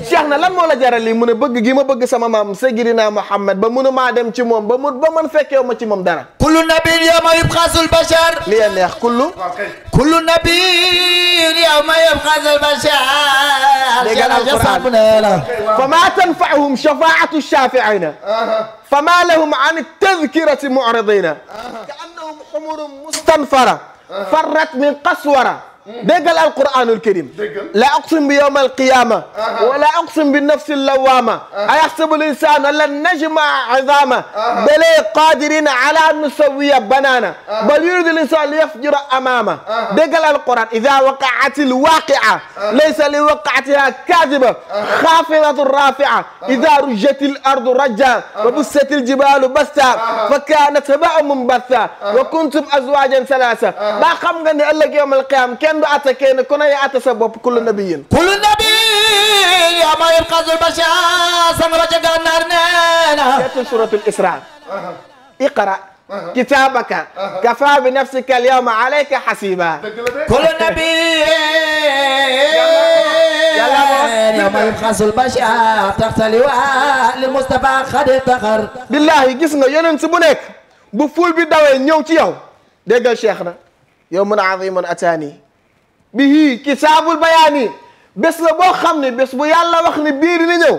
Cheikh na lan moo la jaral lii mu ne bëgg gi ma bëgg sama maam Seydina Muhammad ba mënu maa dem ci moom ba mu ba man fekkeew ma ci moom dara kullu nabiin yawma yubxasul bashar li ya neex kullu kullu nabiin yawma yubxasul bashar déggal alquran fa ma tanfaahum shafaatu shaafiina fa ma lahum an tadkirati mu'ridina ka annahum xumurun mustanfara farrat min qaswara déggal alquranul karim la aqsim bi yowma alqiyama wala aqsim bi nafsi lawama ayaxsabu linsanu lan najma azama bale qadirin ala nusawiya banana bal yuridu linsan li yafjura amama déggal alquran ida waqaat alwaqia laysa li waqaatiha kadiba xafidatu rafia ida rujat alardu raja wa bussat aljibalu basta fa kanat habaa munbatha wa kuntum azwajan salasa ba xam nga ne ëllëg yowma alqiyama kenn du atte kenn ku ne yaa atte sa bopp kullu nabiyin kullu nabiyin yaa ma yëpp xasul basha sama ba ca gànnaar nee na seetul suratul isra iqra kitaabaka kafa bi nafsika al yawma alayka xasiba kullu nabiyin yawma yubxasul bashar taxta liwaa lil Mustafa xad taxar billaahi gis nga yeneen si bu nekk bu ful bi dawee ñëw ci yow déggal cheikh na yow mun azimun ataani bi bihi kitaabul bayaani bés la boo xam ne bés bu yàlla wax ne biir ni ñëw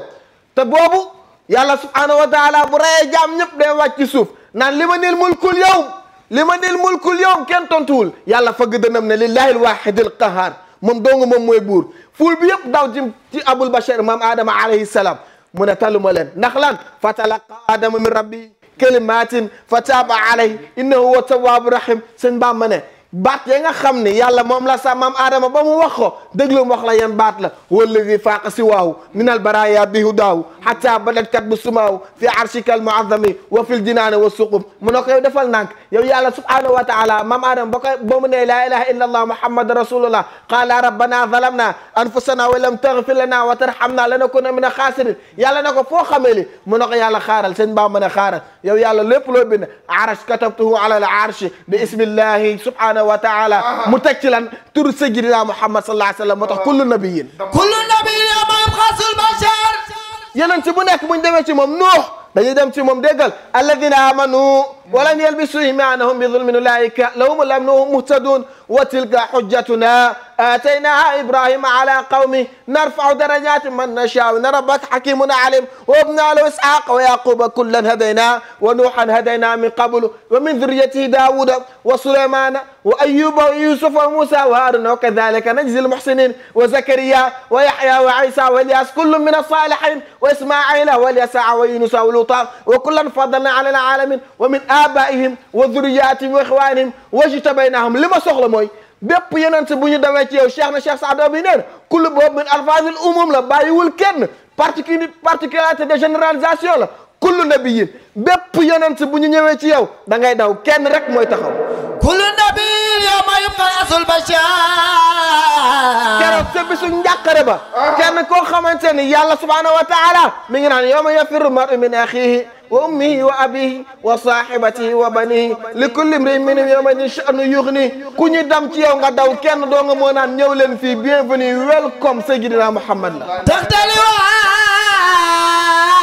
te boobu yàlla subhaanahu wa taala bu rayee jaam ñëpp day wàcc ci suuf naan li ma nil mulkul yow li ma nil mulkul yow kenn tontuwul yàlla fëgg dënam ne lillahi alwaahidil qahaar moom dong moom mooy buur fuul bi yëpp daw jëm ci abul bashar maam aadama alayhi salaam mu ne taluma leen ndax lan fa talaqa aadama min rabbi kalimatin fa taaba alayhi innahu huwa tawaabu rahim seen baam ma ne baat ya nga xam ne yàlla moom la sa maam aadama ba mu wax ko déglu wax la yan baat la walladi faaqa si waaw minal baraya bihu daaw xata badat kat bu sumaaw fi arshika al muazami wa fil jinaane wa suqum mu ne ko yow defal nànk yow yàlla subhanahu wa taala maam aadama ba koy ba mu ne laa ilaha illa allah muhammad rasulullah qaala rabbana zalamna anfusana wa lam taghfir lana wa tarhamna lanakuna min a xaasirin yàlla na ko foo xamee li mu ne ko yàlla xaaral sëñ baa mën a xaaral yow yàlla lépp loo bind arsh katabtuhu ala al arsh bi ismillahi subhanahu subhanahu wa taala mu teg ci lan tur sayyidina Muhammad sallallahu alayhi wa sallam moo tax kullu nabiyyin kullu nabiyyin ama yabxasul bashar yeneen ci bu nekk buñ demee ci moom nuux dañuy dem ci moom déggal alladina amanu walam yalbisu imanahum bi zulmin ulaika lahumul amnu muhtadun wa tilka hujjatuna ataynaha ibrahima ala qawmi narfau darajati man nashau inna rabbaka hakimun alim wa habna lahu ishaqa wa yaquba kullan hadayna wa nuhan hadayna min qablu wa min dhurriyyatihi dawuda wa sulaymana wa ayyuba wa yusufa wa musa wa haruna wa kadhalika najzi almuhsinin wa zakariya wa yahya wa isa wa ilyas kullun min as-salihin wa ismaila wa ilyasa wa yunusa wa luta wa kullan faddalna ala alalamin wa min abaihim wa dhurriyyatihim wa ikhwanihim waju tabay naa xam li ma soxla mooy bépp yeneen si bu ñu dawee ci yow cheikh na cheikh Saadu bi neen kullu boobu min alfasil umum la bàyyiwul kenn particu particularité de généralisation la kullu nabiyin bépp yonent bu ñu ñëwee ci yow da ngay daw kenn rek mooy taxaw kullu nabiyin yow ma yubqa asul bashar keroog sa bisu njàqare ba kenn koo xamante ni yàlla subhanahu wa taala mi ngi naan yow ma yafirru mar'u min axihi wa ummihi wa abihi wa sahibatihi wa banihi li kulli mri'in minhum yawma idin sha'nun yughni ku ñu dam ci yow nga daw kenn doo nga moo naan ñëw leen fii bienvenue welcome Seydina Muhammad la taxtali wa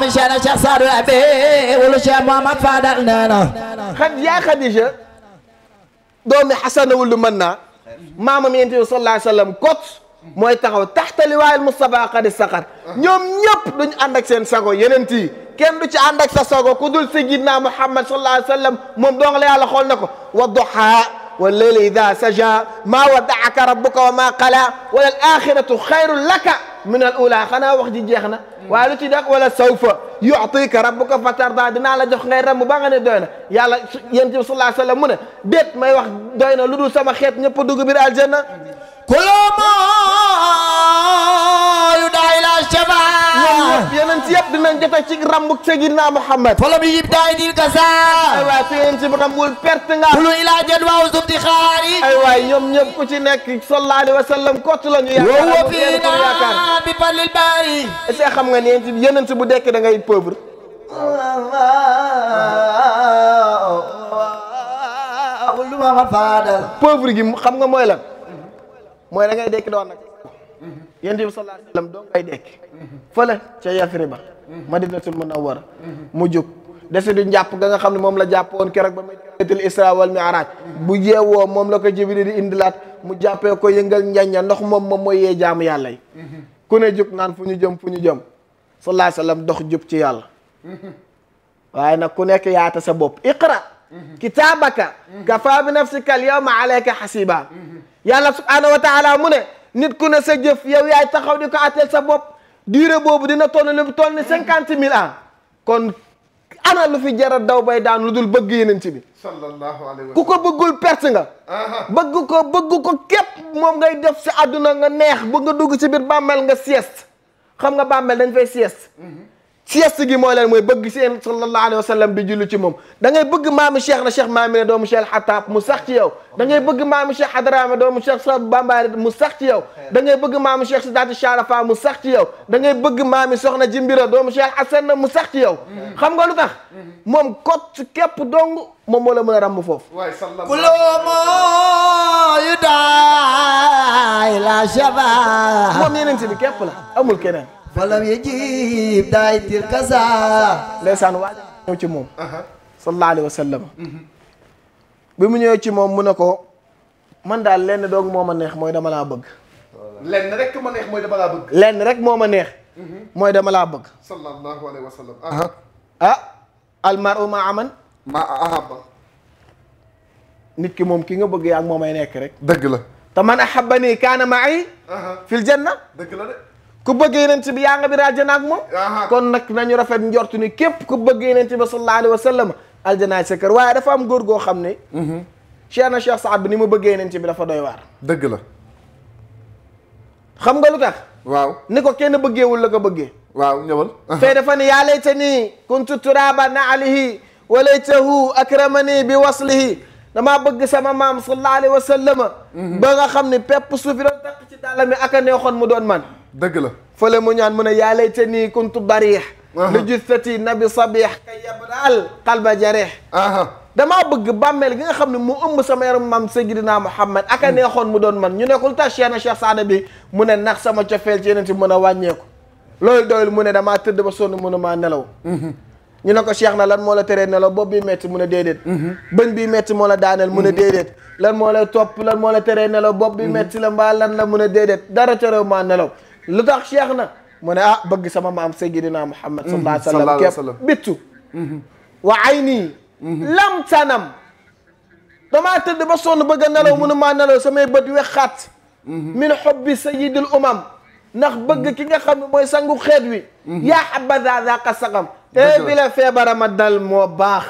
maam Cheikh Cheikh Sadou Abe wala Cheikh Mouhamad Fadal nee na. xad yaa Xadija doomi Xasana wul mën naa maamam yonent bi sallallahu alayhi wa sallam kot mooy taxaw taxta liwaayil Mustafa qad saqar ñoom ñëpp duñ ànd ak seen sago yeneen yi kenn du ci ànd ak sa sago ku dul sayyidina Muhammad sallallahu alayhi wa sallam moom dong la yàlla xool na ko wa duhaa والليل إذا سجى ما ودعك ربك وما قلى وللآخرة خير لك من الأولى xanaa wax ji jeex na waaye lu ci def wala sawfa yu'tika rabbuka fatarda dinaa la jox ngay ràmm ba nga ne doy na yàlla yonent bi sallallahu alayhi wasallam mu ne déet may wax doy na lu dul sama xeet ñëpp dugg biir aljanna yonent yëpp dinañ jote ci rambu Seydina Muhammad wala bi yib daay dil kasa ay waay su ngeen si rambul perte nga lu ilaa jën waaw subti xaari ay waay ñoom ñëpp ku ci nekk sallallahu alayhi wa sallam kott la ñu yaakaar bi palil baari est-ce que xam nga ne si bu dekk da ngay pauvre pauvre gi xam nga mooy lan mooy da ngay doon nag yonent bi sallallahu alayhi wa sallam doo ngay dekk fële ca Yasriba madinatul munawwara mu jóg desi du njàpp ga nga xam ne moom la jàpp woon keroog ba muy leetul isra wal mi'raj bu yeewoo moom la ko Jibril di indilaat mu jàppee ko yëngal njañña ndox moom moom mooy yee yàlla yi ku ne jub naan fu ñu jëm fu ñu jëm sallallahu alayhi wa sallam dox jub ci yàlla waaye nag ku nekk yaata sa bopp iqra kitaabaka kafa bi nafsika al yawma alayka yàlla subhanahu wa mu ne nit ku ne sa jëf yow yaay taxaw di ko atteel sa bopp durée boobu dina toll lu toll ni cinquante mille ans kon ana lu fi jara daw bay daan lu dul bëgg yenent bi sallallahu alayhi wa ku ko bëggul perte nga bëgg ko bëgg ko képp moom ngay def si àdduna nga neex bu nga dugg si biir bàmmeel nga sieste xam nga bàmmeel dañ fay sieste mhm. sieste gi mooy leen mooy bëgg seen sallallahu alayhi wa sallam julli ci moom da ngay bëgg maami cheikh na cheikh maami ne doomu cheikh xataab mu sax ci yow da ngay bëgg maami cheikh hadrama doomu cheikh sad bambaari mu sax ci yow da ngay bëgg maami cheikh sidaati sharafa mu sax ci yow da ngay bëgg maami soxna jimbira doomu cheikh hasan mu sax ci yow xam nga lu tax moom kot képp dong moom moo la mën a ràmm foofu moom yeneen si bi képp la amul keneen falam yajib daay til kaza ndeysaan waaj ñëw ci moom sallallahu alayhi wa mhm. bi mu ñëwee ci moom mu ne ko man daal lenn doog moo ma neex mooy dama laa bëgg lenn rek ma neex lenn rek moo ma neex mhm. mooy dama laa bëgg sallallahu alayhi wa sallam ah nit ki moom ki nga bëgg yaa ak moomay nekk rek dëgg la te man ahabani kaana ma'i fil janna ku bëgg yeneen bi yaa nga bi raajana ak moom kon nag nañu rafet njortu ni képp ku bëgg yeneen bi sallallahu alayhi wa sallam aljanaay sa kër waaye dafa am góor goo xam ne mhm. cheikh na cheikh saad bi ni mu bëgg yeneen bi dafa doy waar dëgg la xam nga lu tax waaw ni ko kenn bëggeewul la ko bëggee waaw ñëwal fee dafa ne yaa layta nii kuntu turaba na alihi wa laytahu akramani bi waslihi damaa bëgg sama maam sallallahu alayhi wa sallam mhm. ba nga xam ne pepp suufi doon takk ci dàlla mi aka neexoon mu doon man dëgg la fële mu ñaan mu ne yaa layta nii kuntu bariix li justati nabi sabiix ka yabral qalba jarix damaa bëgg bàmmeel gi nga xam ne mu ëmb sama yaram maam Seydina Muhammad ak a hmm. neexoon mu doon man ñu nekkul tax Cheikh na Cheikh Saada bi mu ne ndax sama cofeel ci yeneen si mën a wàññeeku loolu doyul mu ne damaa tëdd ba sonn mënu maa nelaw hmm. ñu ne ko Cheikh na lan moo la teree nelaw bopp bi metti mu ne déedéet hmm. bëñ bi metti moo la daaneel mu ne déedéet lan moo lay topp lan moo la teree nelaw bopp bi metti la mbaa lan la mu ne déedéet dara terew maa nelaw lu tax cheikh na mu ne ah bëgg sama maam sayyidina Muhammad sallallahu alayhi wa sallam képp bittu mhm. wa ayni lam tanam damaa tëdd ba sonn bëgg a nelaw mhm. mënu maa nelaw samay bët wexaat mhm. min xobbi sayidil umam ndax bëgg ki nga xam ne mooy sangu xeet wi yaa abada zaqa saqam te eh, bi la feebarama dal moo baax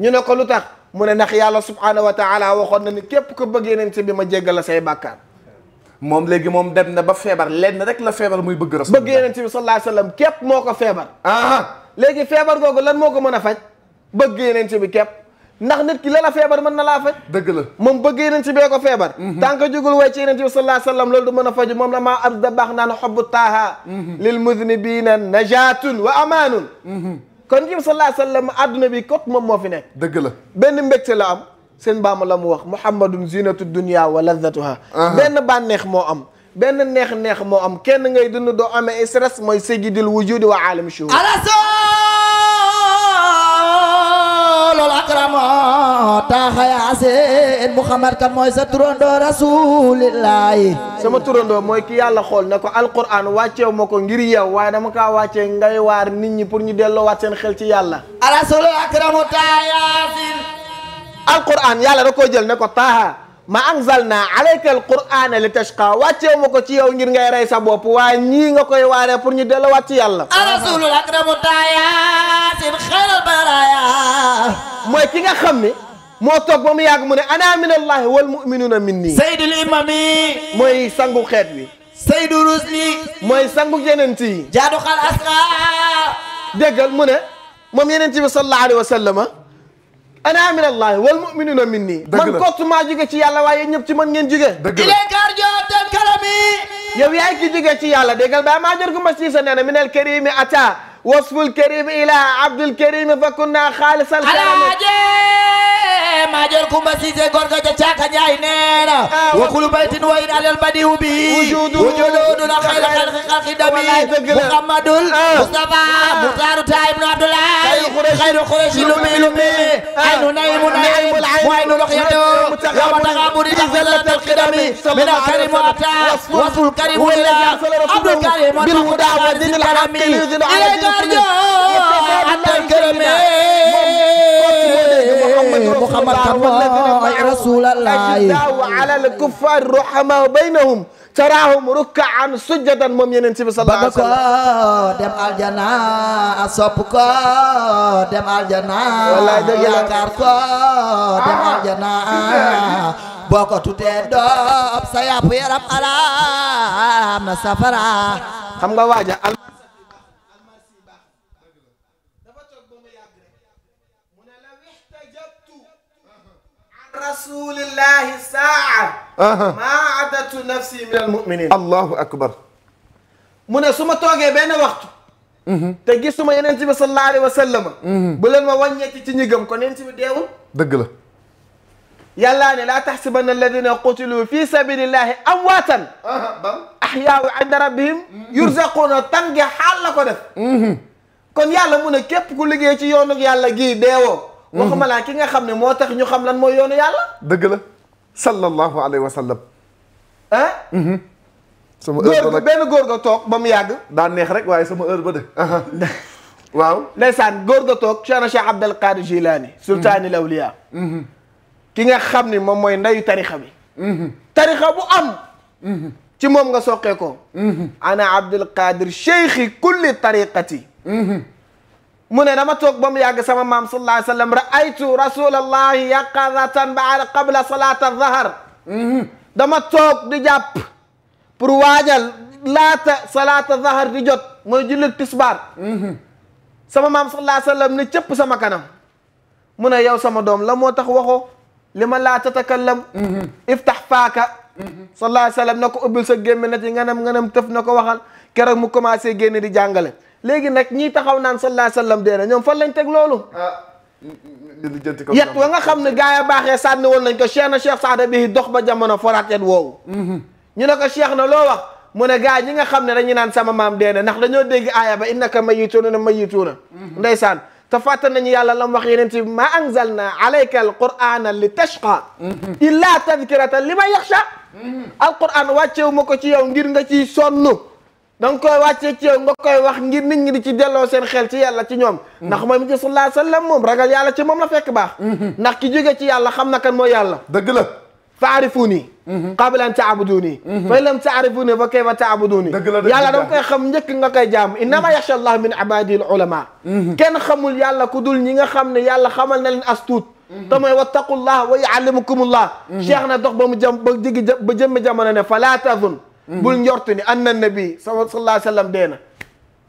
ñu ne ko lu tax mu ne ndax yàlla subhanahu wa taala waxoon na ni képp ko bëgg yeneen si bi ma jéggal la say bàkkaar moom léegi moom dem na ba feebar lenn rek la feebar muy bëgg rasul bëgg yonent bi sallallahu alayhi wa képp moo ko feebar aa léegi feebar googu lan moo ko mën a faj bëgg yonent bi képp ndax nit ki la feebar mën na laa faj dëgg la moom bëgg yonent bee ko feebar mhm. tant que jugul way ci yonent bi sallallahu alayhi wa sallam loolu du mo a faju moom la maa ars da baax naan xobbu taaha mhm. lil muznibina najatun wa amaanun mhm. kon ci bi sallallahu alayhi wa sallam adduna bi kot moom moo fi nekk dëgg la benn mbégte la am seen baama la mu wax muhammadun zinatu dunya wa lazzatuha benn bànneex moo am benn neex-neex moo am kenn ngay dund doo amee stress mooy sayyidil wujudi wa alam shuhud loolu akramo taaxayaasin muhammad mooy sa turandoo rasulillahi sama turandoo mooy ki yàlla xool ne ko alquran wàcceew ma ko ngir yow waaye dama kaa wàccee ngay waar nit ñi pour ñu delloowaat seen xel ci yàlla rasul akramo taaxayaasin alquran yàlla da koo jël ne ko taaha ma anzalna alayka alqur'ana li tashqa wàcceewu ma ko ci yow ngir ngay rey sa bopp waaye ñii nga koy waaree pour ñu delluwaat ci yàlla arasulul akramu taayasin xayral baraya mooy ki nga xam ne moo toog ba mu yàgg mu ne ana minallahi wal mu'minuna minni sayyidul imami mooy sangu xeet wi saydu rusli mooy sangu yenent yi jaadu xal déggal mu ne moom yenent bi sallallahu alayhi wa ana min allah wal mu'minuna minni man kott maa jóge ci yàlla waaye ñëpp ci man ngeen jóge ileekaar jooten kalami yow yaay ki jóge ci yàlla déggal baa maa jor gu ma siisa nee na min al karimi ata wasful karimi ila abdul karimi fa kunna xaalisal karami maajoor kumba siise gorga ja caaka njaay neena wa kulu baytin wa in alal badi ubi wujudu na xayra xalqi xalqi dami muhammadul mustafa muxtaaru taayib nu abdulaay ah. ah. xayru xureshi lumi lumi ah. aynu naymu nayim wa aynu ruxyatu yawma taxaaburi taxzalatal qidami min alkarim wa ata wasul karim ila abdul karim wa tuxda wa zil karami ilayka arjo antal karami Muhammad kan mooy Rasulullah ala al-kuffar ruhama baynahum taraahum rukkaan sujjadan moom yeneen si bi sallallahu alayhi wa sallam dem aljana sopp ko dem aljana yaakaar ko dem aljana boo ko tuddee doob sa yàpp yaram alaam na safara xam nga waaja rasulillahi saa ma adatu nafsi min almuminin allahu akbar mu ne su ma toogee benn waxtu mhm. te gisuma yeneen ci bi sallallahu alayhi wa sallam mhm. bu leen ma wàññeeti ci ñi gëm kon yeneen ci bi deewul dëgg la yàllaa ne laa taxsibanna alladina qutilu fi sabilillahi amwaatan ahyaawu inda rabbihim mhm. yurzaquuna tànge xaal la ko def kon yàlla mu ne képp ku liggéey ci yoonu yàlla gii deewoo Mm-hmm. waxuma laa ki nga xam ne moo tax ñu xam lan mooy yoonu yàlla. dëgg la sallallahu ma wa sallam. ah. sama heure benn góor ga toog ba mu yàgg. daa neex rek waaye sama heure ba de. waaw ndeysaan góor ga toog Cheikh na Cheikh Abdel Qadir Jilani. sultaanil mm-hmm. awliya. ki nga xam ni moom mooy ndayu tarixa bi. tarixa bu am. ci moom nga soqee ko. ana Abdel Qadir cheikhi kulli tariqati. mu ne dama toog ba mu yàgg sama maam sallallahu alayhi wa sallam ra'aytu rasulallahi yaqadatan baada qabla salat azahar mhm. dama toog di jàpp pour waajal laata salat azahar di jot mooy jullit tisbaar mhm. sama maam sallallahu alayhi wa sallam ne cëpp sama kanam mu ne yow sama doom la moo tax waxoo li ma laa tatakallam mhm. iftax faaka sallallahu alayhi wa sallam na ko ubbil sa gémmi nat yi nganam nganam tëf na ko waxal keroog mu commencé génn di jàngale léegi nag ñiy taxaw naan sallallahu alayhi wa sallam dee na ñoom fan lañ teg loolu. Ah, yet wa nga xam ne gaa ya baaxee sànni woon nañ ko cheikh na cheikh saada bi dox ba jamono foraat yet woowu mhm. ñu ne ko cheikh na loo wax mu ne gaa ñi nga xam ne dañu naan sama maam dee na ndax dañoo dégg aaya ba innaka mayituuna na mayituuna mhm. ndeysaan te fàtta nañu yàlla lam wax yeneen ci ma anzalna alayka alqur'ana li tashqa mhm. illa tadkiratan li man yaxsha alqur'an wàccewu ma ko ci yow ngir nga ciy sonn da ko koy ci yow wax ngir nit ñi di ci delloo seen xeel ci yàlla ci ñoom ndax mooy mi ci sallallahu alayhi wasallam moom ragal yàlla ci moom la fekk baax mhm. ndax ki jóge ci yàlla xam na kan mooy yàlla dëgg la faarifuni mhm. qabla an taabuduni mhm. fa in lam taarifuni fa kayfa taabuduni yàlla da nga koy xam njëkk nga koy jaam innama yaxsha allah min ibadihi al ulama kenn xamul yàlla ku dul ñi nga xam ne yàlla xamal na leen astuut te mooy wattaqullah wa yuallimukumullah cheikh na dox ba mu jëm ba jigi ba jëmmi jamono ne fala tazun Mm-hmm. bul njortu ni anna nabi sallallahu alayhi wa sallam dee na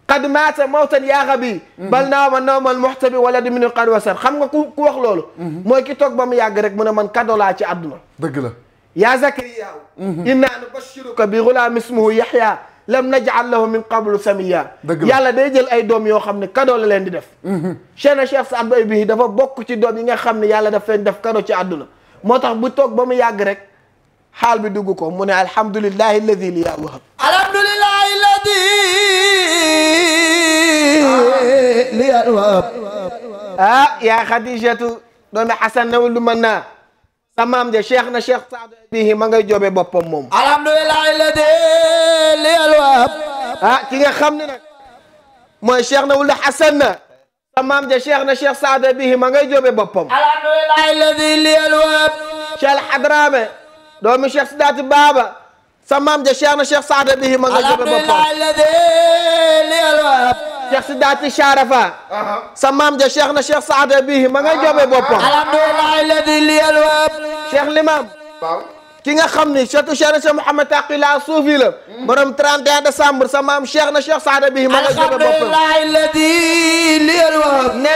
qad maata mawtan yaaxa bi mm-hmm. bal naama noomal moxta bi wala di minu qad wasar xam nga ku ku wax loolu mm-hmm. mooy ki toog ba mu yàgg rek mu ne man kado laa ci àdduna dëgg la yaa zakariyaaw inna nubashiruka bi gulaam ismuhu yaxya lam najal lahu min qablu samiya yàlla day jël ay doom yoo xam ne kado la leen di def cheikhna cheikh Saad Bou Ayyubi dafa bokk ci doom yi nga xam ne yàlla daf leen def kado ci àdduna moo tax bu toog ba mu yàgg rek xaal bi dugg ko mu ne alhamdulillahi alladi li yaa wahab alhamdulillahi alladi li yaa wahab ah yaa xadijatu doomi xasan na wulu mën naa sa maam de cheikh na cheikh saadu bihi ma ngay joobe boppam moom alhamdulillahi alladi li yaa wahab ah ki nga xam ne nag mooy cheikh na wulu xasan na sa maam de cheikh na cheikh saadu bihi ma ngay joobe boppam alhamdulillahi alladi li yaa wahab cheikh alxadraame doomi Cheikh Sidaati Baaba sa maam ja Cheikh na Cheikh Saada bihi ma nga jóge boppam Cheikh Sidaati Sharafa sa maam ja Cheikh na Cheikh Saada bihi Limam ki nga xam ni Cheikh Cheikh Cheikh Mouhamed Taqila Soufi la borom 31 décembre sa maam Cheikh na Cheikh Saada bi ma nga jóge boppam nee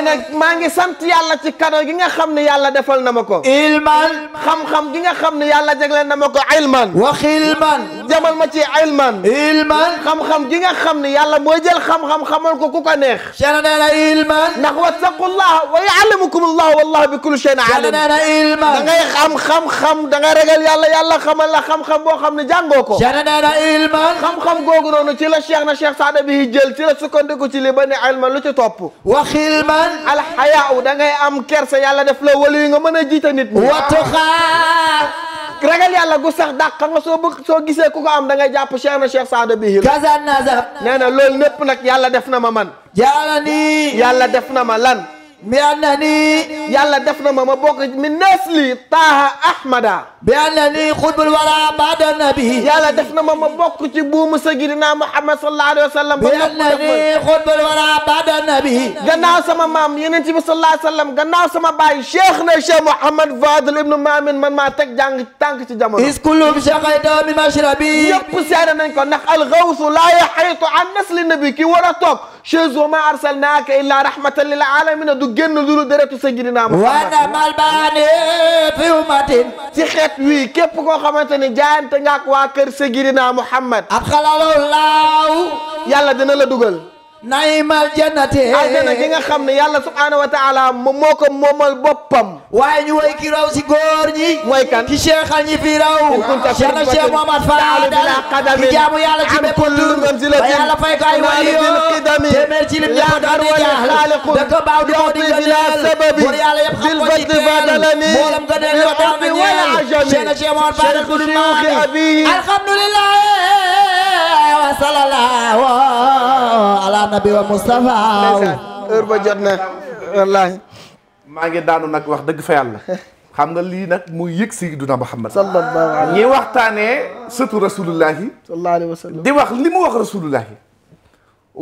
na maa ngi sant yàlla ci cadeau gi nga xam ne yàlla defal na ma ko ilman xam-xam gi nga xam ne yàlla jagleel na ma ko ilman wax ilman jamal ma ci ilman ilman xam-xam gi nga xam ne yàlla mooy jël xam-xam xamal ko ku ko neex Cheikh nee na ilman ndax wattaqullah wa yuallimukumullah wallahu bi kulli shay'in alim da ngay xam xam-xam da ngay ragal yàlla yàlla xamal la xam-xam boo xam ne jàngoo ko jananana ilman xam-xam googu noonu ci la cheikh na cheikh saada bi jël ci la sukkandiku ci li ba ne ilman lu ci topp wa xilman alxayaaw da ngay am kersa yàlla def la walu yi nga mën a jiita nit ñi watuxaa ragal yàlla gu sax dàq xam nga soo bëgg soo gisee ku ko am da ngay jàpp cheikh na cheikh saada bi hil kazan nazab nee na népp nag yàlla def na ma man yàlla def na ma lan bi annani yàlla def na ma ma bokk min nasli taaha ahmada bi annani xutbul wara baada nabi yàlla def na ma ma bokk ci buumu sayyidina muhammad sallallahu alayhi wa sallam bi annani xutbul wara baada nabi gannaaw sama maam yeneen ci bi sallallahu alayhi wa sallam gannaaw sama baay cheikh na cheikh muhammad fadil ibnu maamin man maa teg jàng tànk ci jamono iskulum shaqayta bi mashrabi yëpp seede nañ ko ndax alxawsu laa yaxiitu an nasli nabi ki war a toog chaise wa maa arsalnaaka illaa rahmatan lil aalamiina du génn lulu deretu sayyidinaa Muhammad wanamal baani fi ummatin ci xeet wii képp koo xamante ne jaayante nga ak waa kër sayyidinaa Muhammad adxalallahu yàlla dina la dugal naimal jannate aljana gi nga xam ne yàlla subhaanahu wa taala moom moo ko moomal boppam waaye ñu ki raw si ki cheikh al ñi fi raw Cheikhna Cheikh Mouhamad Fadal ki jaamu yàlla ci ci lim ñako doon di jaaxal da ko baaw di ko di gënal bor yàlla yëpp xam ko ci teem moolam ko den ko doon ñeel Cheikhna Cheikh Mouhamad Fadal ku di maane alhamdulillah wa sallallahu ala nabi wa Mustafa na wallaahi maa ngi daanu nag wax dëgg fa yàlla xam nga lii nag mu yëg Sayyiduna Muhammad sallallahu alayhi wa ñi waxtaanee sëtu rasulullahi sallallahu alayhi wa sallam di wax li mu wax rasulullahi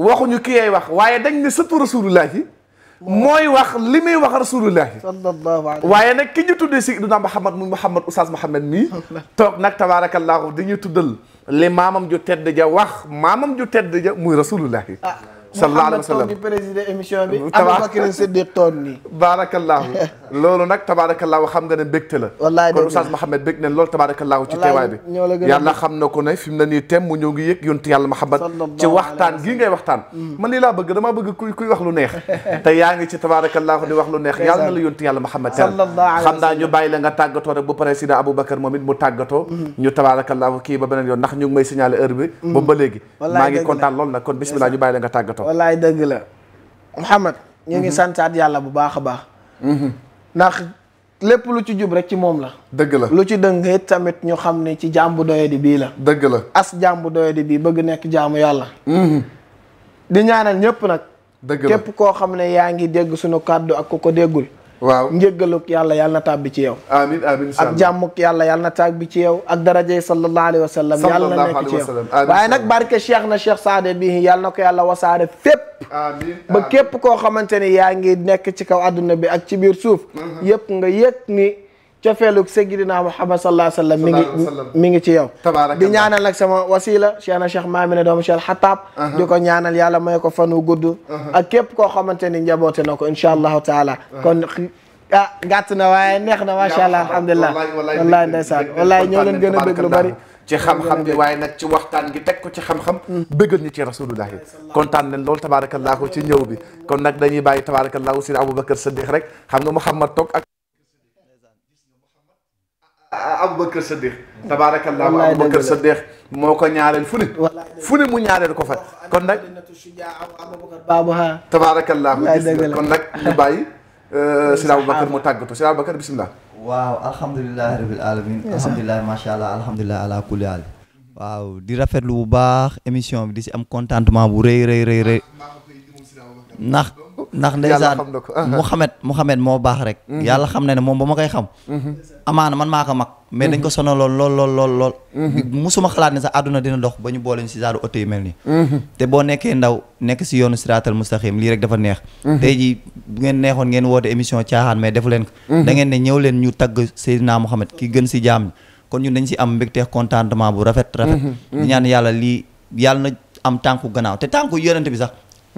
waxuñu ki yay wax waaye dañ ne sëtu rasulullahi mooy wax li muy wax rasulullahi sallallahu alayhi waaye nag ki ñu tuddee Sayyiduna Muhammad mu Muhammad Oustaz Muhammad nii toog nag tabaarakallahu di ñu tuddal li maamam ju tedd ja wax maamam ju tedd ja muy rasulullahi ah. sallallahu alayhi wa sallam mu président émission bi. Aboubacar Siddiq toon nii. baarakallaahu loolu nag tabaarakallaahu xam nga ne mbégte la. wallaay kon Oustaz Mouhamed bég ne loolu tabaarakallaahu ci teewaay bi. yàlla xam na ko ne fi mu ne nii tem mu ñëw ngi yëg yontu yàlla Mouhamed ci waxtaan gii ngay waxtaan. Mm. man lii laa bëgg damaa bëgg kuy kuy wax lu neex. te yaa ngi ci tabaarakallaahu di wax lu neex yàlla na la yontu yàlla Mouhamed teel. xam naa ñu bàyyi la nga tàggatoo rek bu président Aboubacar moom it mu tàggatoo. Mm. ñu tabaarakallaahu kii ba beneen yoon ndax ñu ngi may signaler heure bi. Mm. ba ba léegi maa ngi kontaan lool nag kon bismillah ñu bàyyi la nga tàggatoo toog wallaay dëgg la Mouhamed ñu ngi mhm. santaat yàlla bu baax a baax mhm. ndax lépp lu ci jub rek ci moom la dëgg la lu ci dëng it tamit ñu xam ne ci jàmbu doyadi bii la dëgg la as jàmbu doyadi bii bëgg nekk jaamu yàlla mhm. di ñaanal ñëpp nag dëgg la képp koo xam ne yaa ngi dégg suñu kàddu ak ku ko déggul waaw njëggaluk yàlla yàlla na tàbbi ci yow. amiin ak jàmmuk yàlla yàlla na tàbbi ci yow ak darajey sallallahu alayhi wa sallam yàlla na nekk ci nag barke cheikh na cheikh saade bii yàlla ko yàlla wasaare fépp ba képp koo xamante ni yaa ngi nekk ci kaw àdduna bi ak ci biir suuf mm-hmm. yëpp nga yëg cofeelu Seydina Muhammad sallallahu alayhi wasallam mi ngi mi ngi ci yow di ñaanal nag sama wasila Cheikhna Cheikh Mamina doomu Cheikh Xataab uh-huh. di ko ñaanal yàlla may ko fanu gudd uh-huh. ak képp koo xamante ni njaboote na ko insha allahu taala uh-huh. kon ah gàtt na waaye neex na macha allah alhamdulilah wallahi ndeysaan wallahi ñoo leen gën a bëgg lu bari ci xam-xam gi waaye nag ci waxtaan gi teg ko ci xam-xam mm. bëggal ñu ci rasulullahi kontaan nañ loolu tabarakallahu ci ñëw bi kon nag dañuy bàyyi tabarakallahu sir Aboubacar Saddiq rek xam nga Muhammad toog ak Aboubacar Saddiq tabaarakallaahu Aboubacar Saddiq moo ko ñaareel fu ne mu ñaareel ko fa kon nag tabaarakallaahu kon nag ñu bàyyi euh, mu tàggatu sida Aboubacar bisimilah waaw alhamdulilahi rabil alamin alhamdulilahi macha allah alhamdulilahi ala kulli haal waaw di rafetlu bu baax émission bi di si am contentement bu rëy rëy rëy rëy ndax ndeysaan Mouhamed Mouhamed moo baax rek mhm. yàlla xam na ne moom ba ma koy xam mhm. amaana man maa ko mag mais dañ ko mhm. sono lool lool lool lool lool musuma xalaat ne sax àdduna dina dox ba ñu boole ñu si genre oto yu mel nii te boo nekkee ndaw nekk si yoonu siraatal mustaqim lii rek dafa neex tey jii bu ngeen neexoon ngeen woote émission caaxaan mais defu leen ko da ngeen ne ñëw leen ñu tagg Seydina Mouhamed ki gën si jaam kon ñun dañ si am mbégte contentement bu rafet rafet di yàlla lii yàlla na am tànku gannaaw te tànku yonent bi sax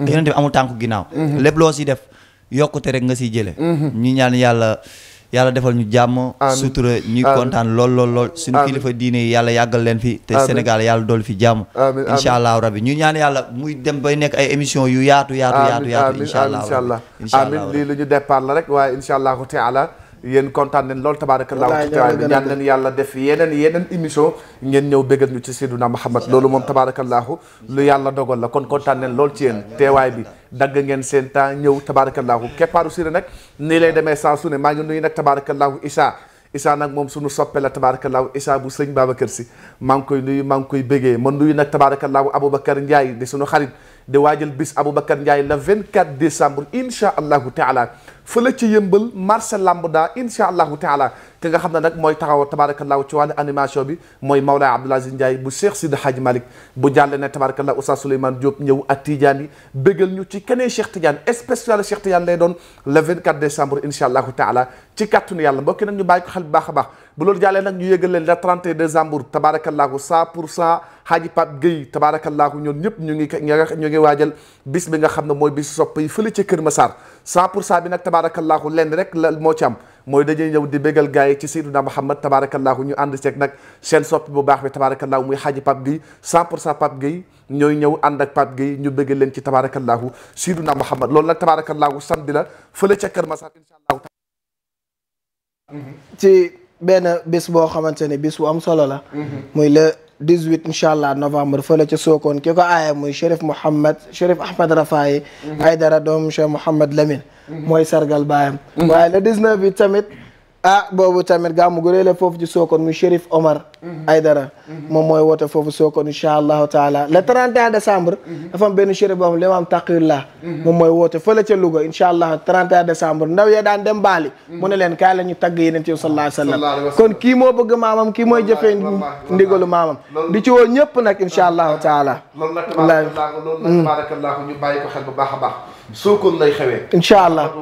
yonent bi mm-hmm. amul tànku ginnaaw mm-hmm. lépp loo si def yokkute rek nga siy jële mm-hmm. ñu ñaan yàlla yàlla defal ñu jàmm sutura ñuy kontaan lool lool lool suñu kilifa diine yi yàlla yàggal leen fi te Sénégal yàlla dool fi jàmm incha allahu rabbi ñu ñaan yàlla muy dem bay nekk ay émission yu yaatu yaatu yaatu yaatu incha allah incha allah amin lii lu ñu départ la rek yéen kontaan nañ lool tabaarakallaahu ci teewaay bi ñaan leen yàlla def yeneen yeneen émission ngeen ñëw bégal ñu ci Seydina Muhammad loolu moom tabaarakallaahu lu yàlla dogal la kon kontaan nañ lool ci yéen teewaay bi dagg ngeen seen temps ñëw tabaarakallaahu keppaaru Siré nag nii lay demee saa su ne maa ngi nuyu nag tabaarakallaahu Issa Issa nag moom suñu soppe la tabaarakallaahu Issa bu sëñ baaba kër si maa koy nuyu maa koy bégee man nuyu nag tabaarakallaahu Aboubacar Ndiaye di suñu xarit di waajal bis Aboubacar Ndiaye le 24 décembre incha allahu taala fële ci yëmbal marché lambda incha allahu taala ki nga xam ne nag mooy taxaw tabarakallahu ci wàllu animation bi mooy Mawlaay Abdoul Aziz Ndiaye bu Cheikh Sidi Hadj Malick bu jàlle ne tabarakallahu Oustaz Souleymane Diop ñëw ak Tidiane yi bégal ñu ci keneen Cheikh Tidiane spécial Cheikh Tidiane lay doon le 24 décembre incha allahu taala ci kàttanu yàlla mbokki nag ñu bàyyi ko xel bu baax a baax bu loolu jàllee nag ñu yëgal leen le 31 décembre tabarakallahu 100 pour cent Hadji Pape Gueye tabarakallahu ñoom ñëpp ñu ngi ñu ngi waajal bis bi nga xam ne mooy bis sopp yi fële ci Kër Massar 100 tabaarakallaahu lenn rek la moo ci am mooy dañuy ñëw di bégal gars yi ci Seydina Muhammad tabaarakallaahu ñu ànd ceeg nag seen soppi bu baax bi tabaarakallaahu muy xaaji Pape Gueye 100 pour cent Pape Gueye ñooy ñëw ànd ak Pape gi ñu bégal leen ci tabaarakallaahu Seydina Muhammad loolu nag tabaarakallaahu di la fële ca Kër Masar incha allahu ci benn bis boo xamante ne bis bu am solo la mm-hmm. muy la 18 incha allah novembre fële ca Sokone ki ko aaye muy Chérif Mouhamed Chérif Ahmed Rafahi. Mhm. Aydara doomu Cheikh Mouhamed Lamine. Mhm. mooy sargal baayam. waaye le 19 bi ah boobu tamit gàmmu gu rëy la foofu ci Sokone mu Chérif Omar mhm. Aydara mhm. moom mooy woote foofu Sokone incha allahu taala le 31 décembre mhm. dafa am benn chérif boo xam ne limaam Taqiyullah moom mooy woote fële ca Louga incha allah 31 décembre ndaw ya daan dem baali mu ne leen kaay la ñu tagg yeneen ci sallallahu alayhi wa sallam kon kii moo bëgg maamam kii mooy jëfee ndigalu maamam di ci woo ñëpp nag incha allahu taala loolu mm. baax a baax sookoon lay xewee. incha allah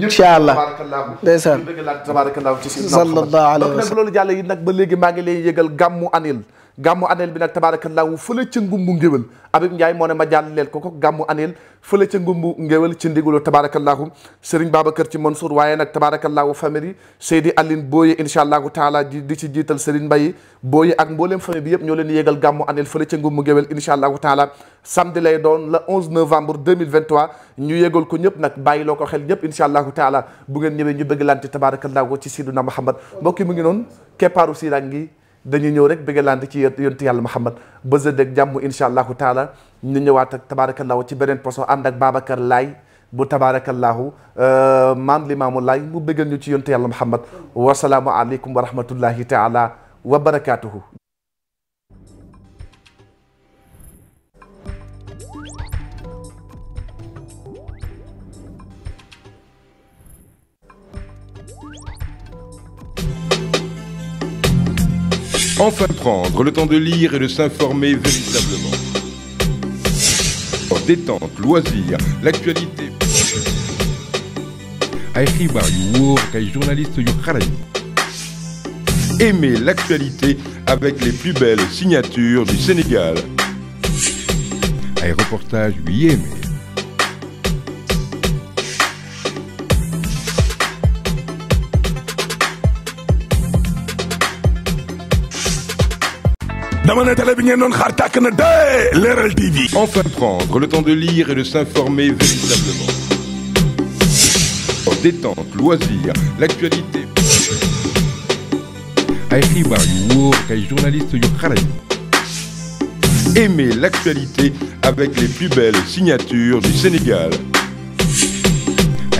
incha allah ndeysaan sallallahu alayhi sa sallam loolu jàll yi nag ba léegi maa ngi leen yëgal gàmmu anil gàmmu anil bi nag tabaarakallaahu fële ca ngumbu ngéwél Habib Ndiaye moo ne ma jàll leel ko ko gàmmu anil fële ca ngumbu ngéwél ci ndigalu tabarakallahu sëriñ Babacar ci Mansour waaye nag tabarakallahu famille Seydi Aline Boye incha allahu taala di ci jiital sëriñ Mbaye Boye ak mbooleem famille bi yëpp ñoo leen yéegal gàmmu anel fële ca ngumbu ngéwél incha allahu taala samedi lay doon le 11 novembre 2023 ñu yéegal ko ñëpp nag bàyyi loo ko xel ñëpp incha allahu taala bu ngeen ñëwee ñu bëgg lante tabarakallahu ci siduna Muhammad mbokki mu ngi noonu keppaaru siiraan gi dañuy ñëw rek bëggalante ci yontu yàlla Muhammad ba zëdëg jàmm incha allahu taala ñu ñëwaat ak tabaarakallaahu ci beneen poso ànd ak Babacar Laay bu tabaarakallaahu euh, maam limaamu laay mu bëggal ñu ci yontu yàlla Muhammad wasalaamu aleykum wa rahmatullahi taala wa barakaatuhu Enfin prendre le temps de lire et de s'informer véritablement. Détente, loisirs, l'actualité. Aimer l'actualité avec les plus belles signatures du Sénégal. Un reportage, oui, mais... dama ne bi ngeen doon xaar tàkk na dee Leral TV. enfin prendre le temps de lire et de s'informer véritablement. détente loisir l'actualité. ay l'actualité avec les plus belles signatures du Sénégal.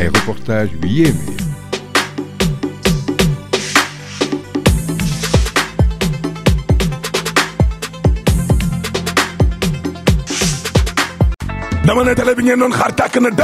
ay reportages yu yéeme. dama ne télé bi ngeen doon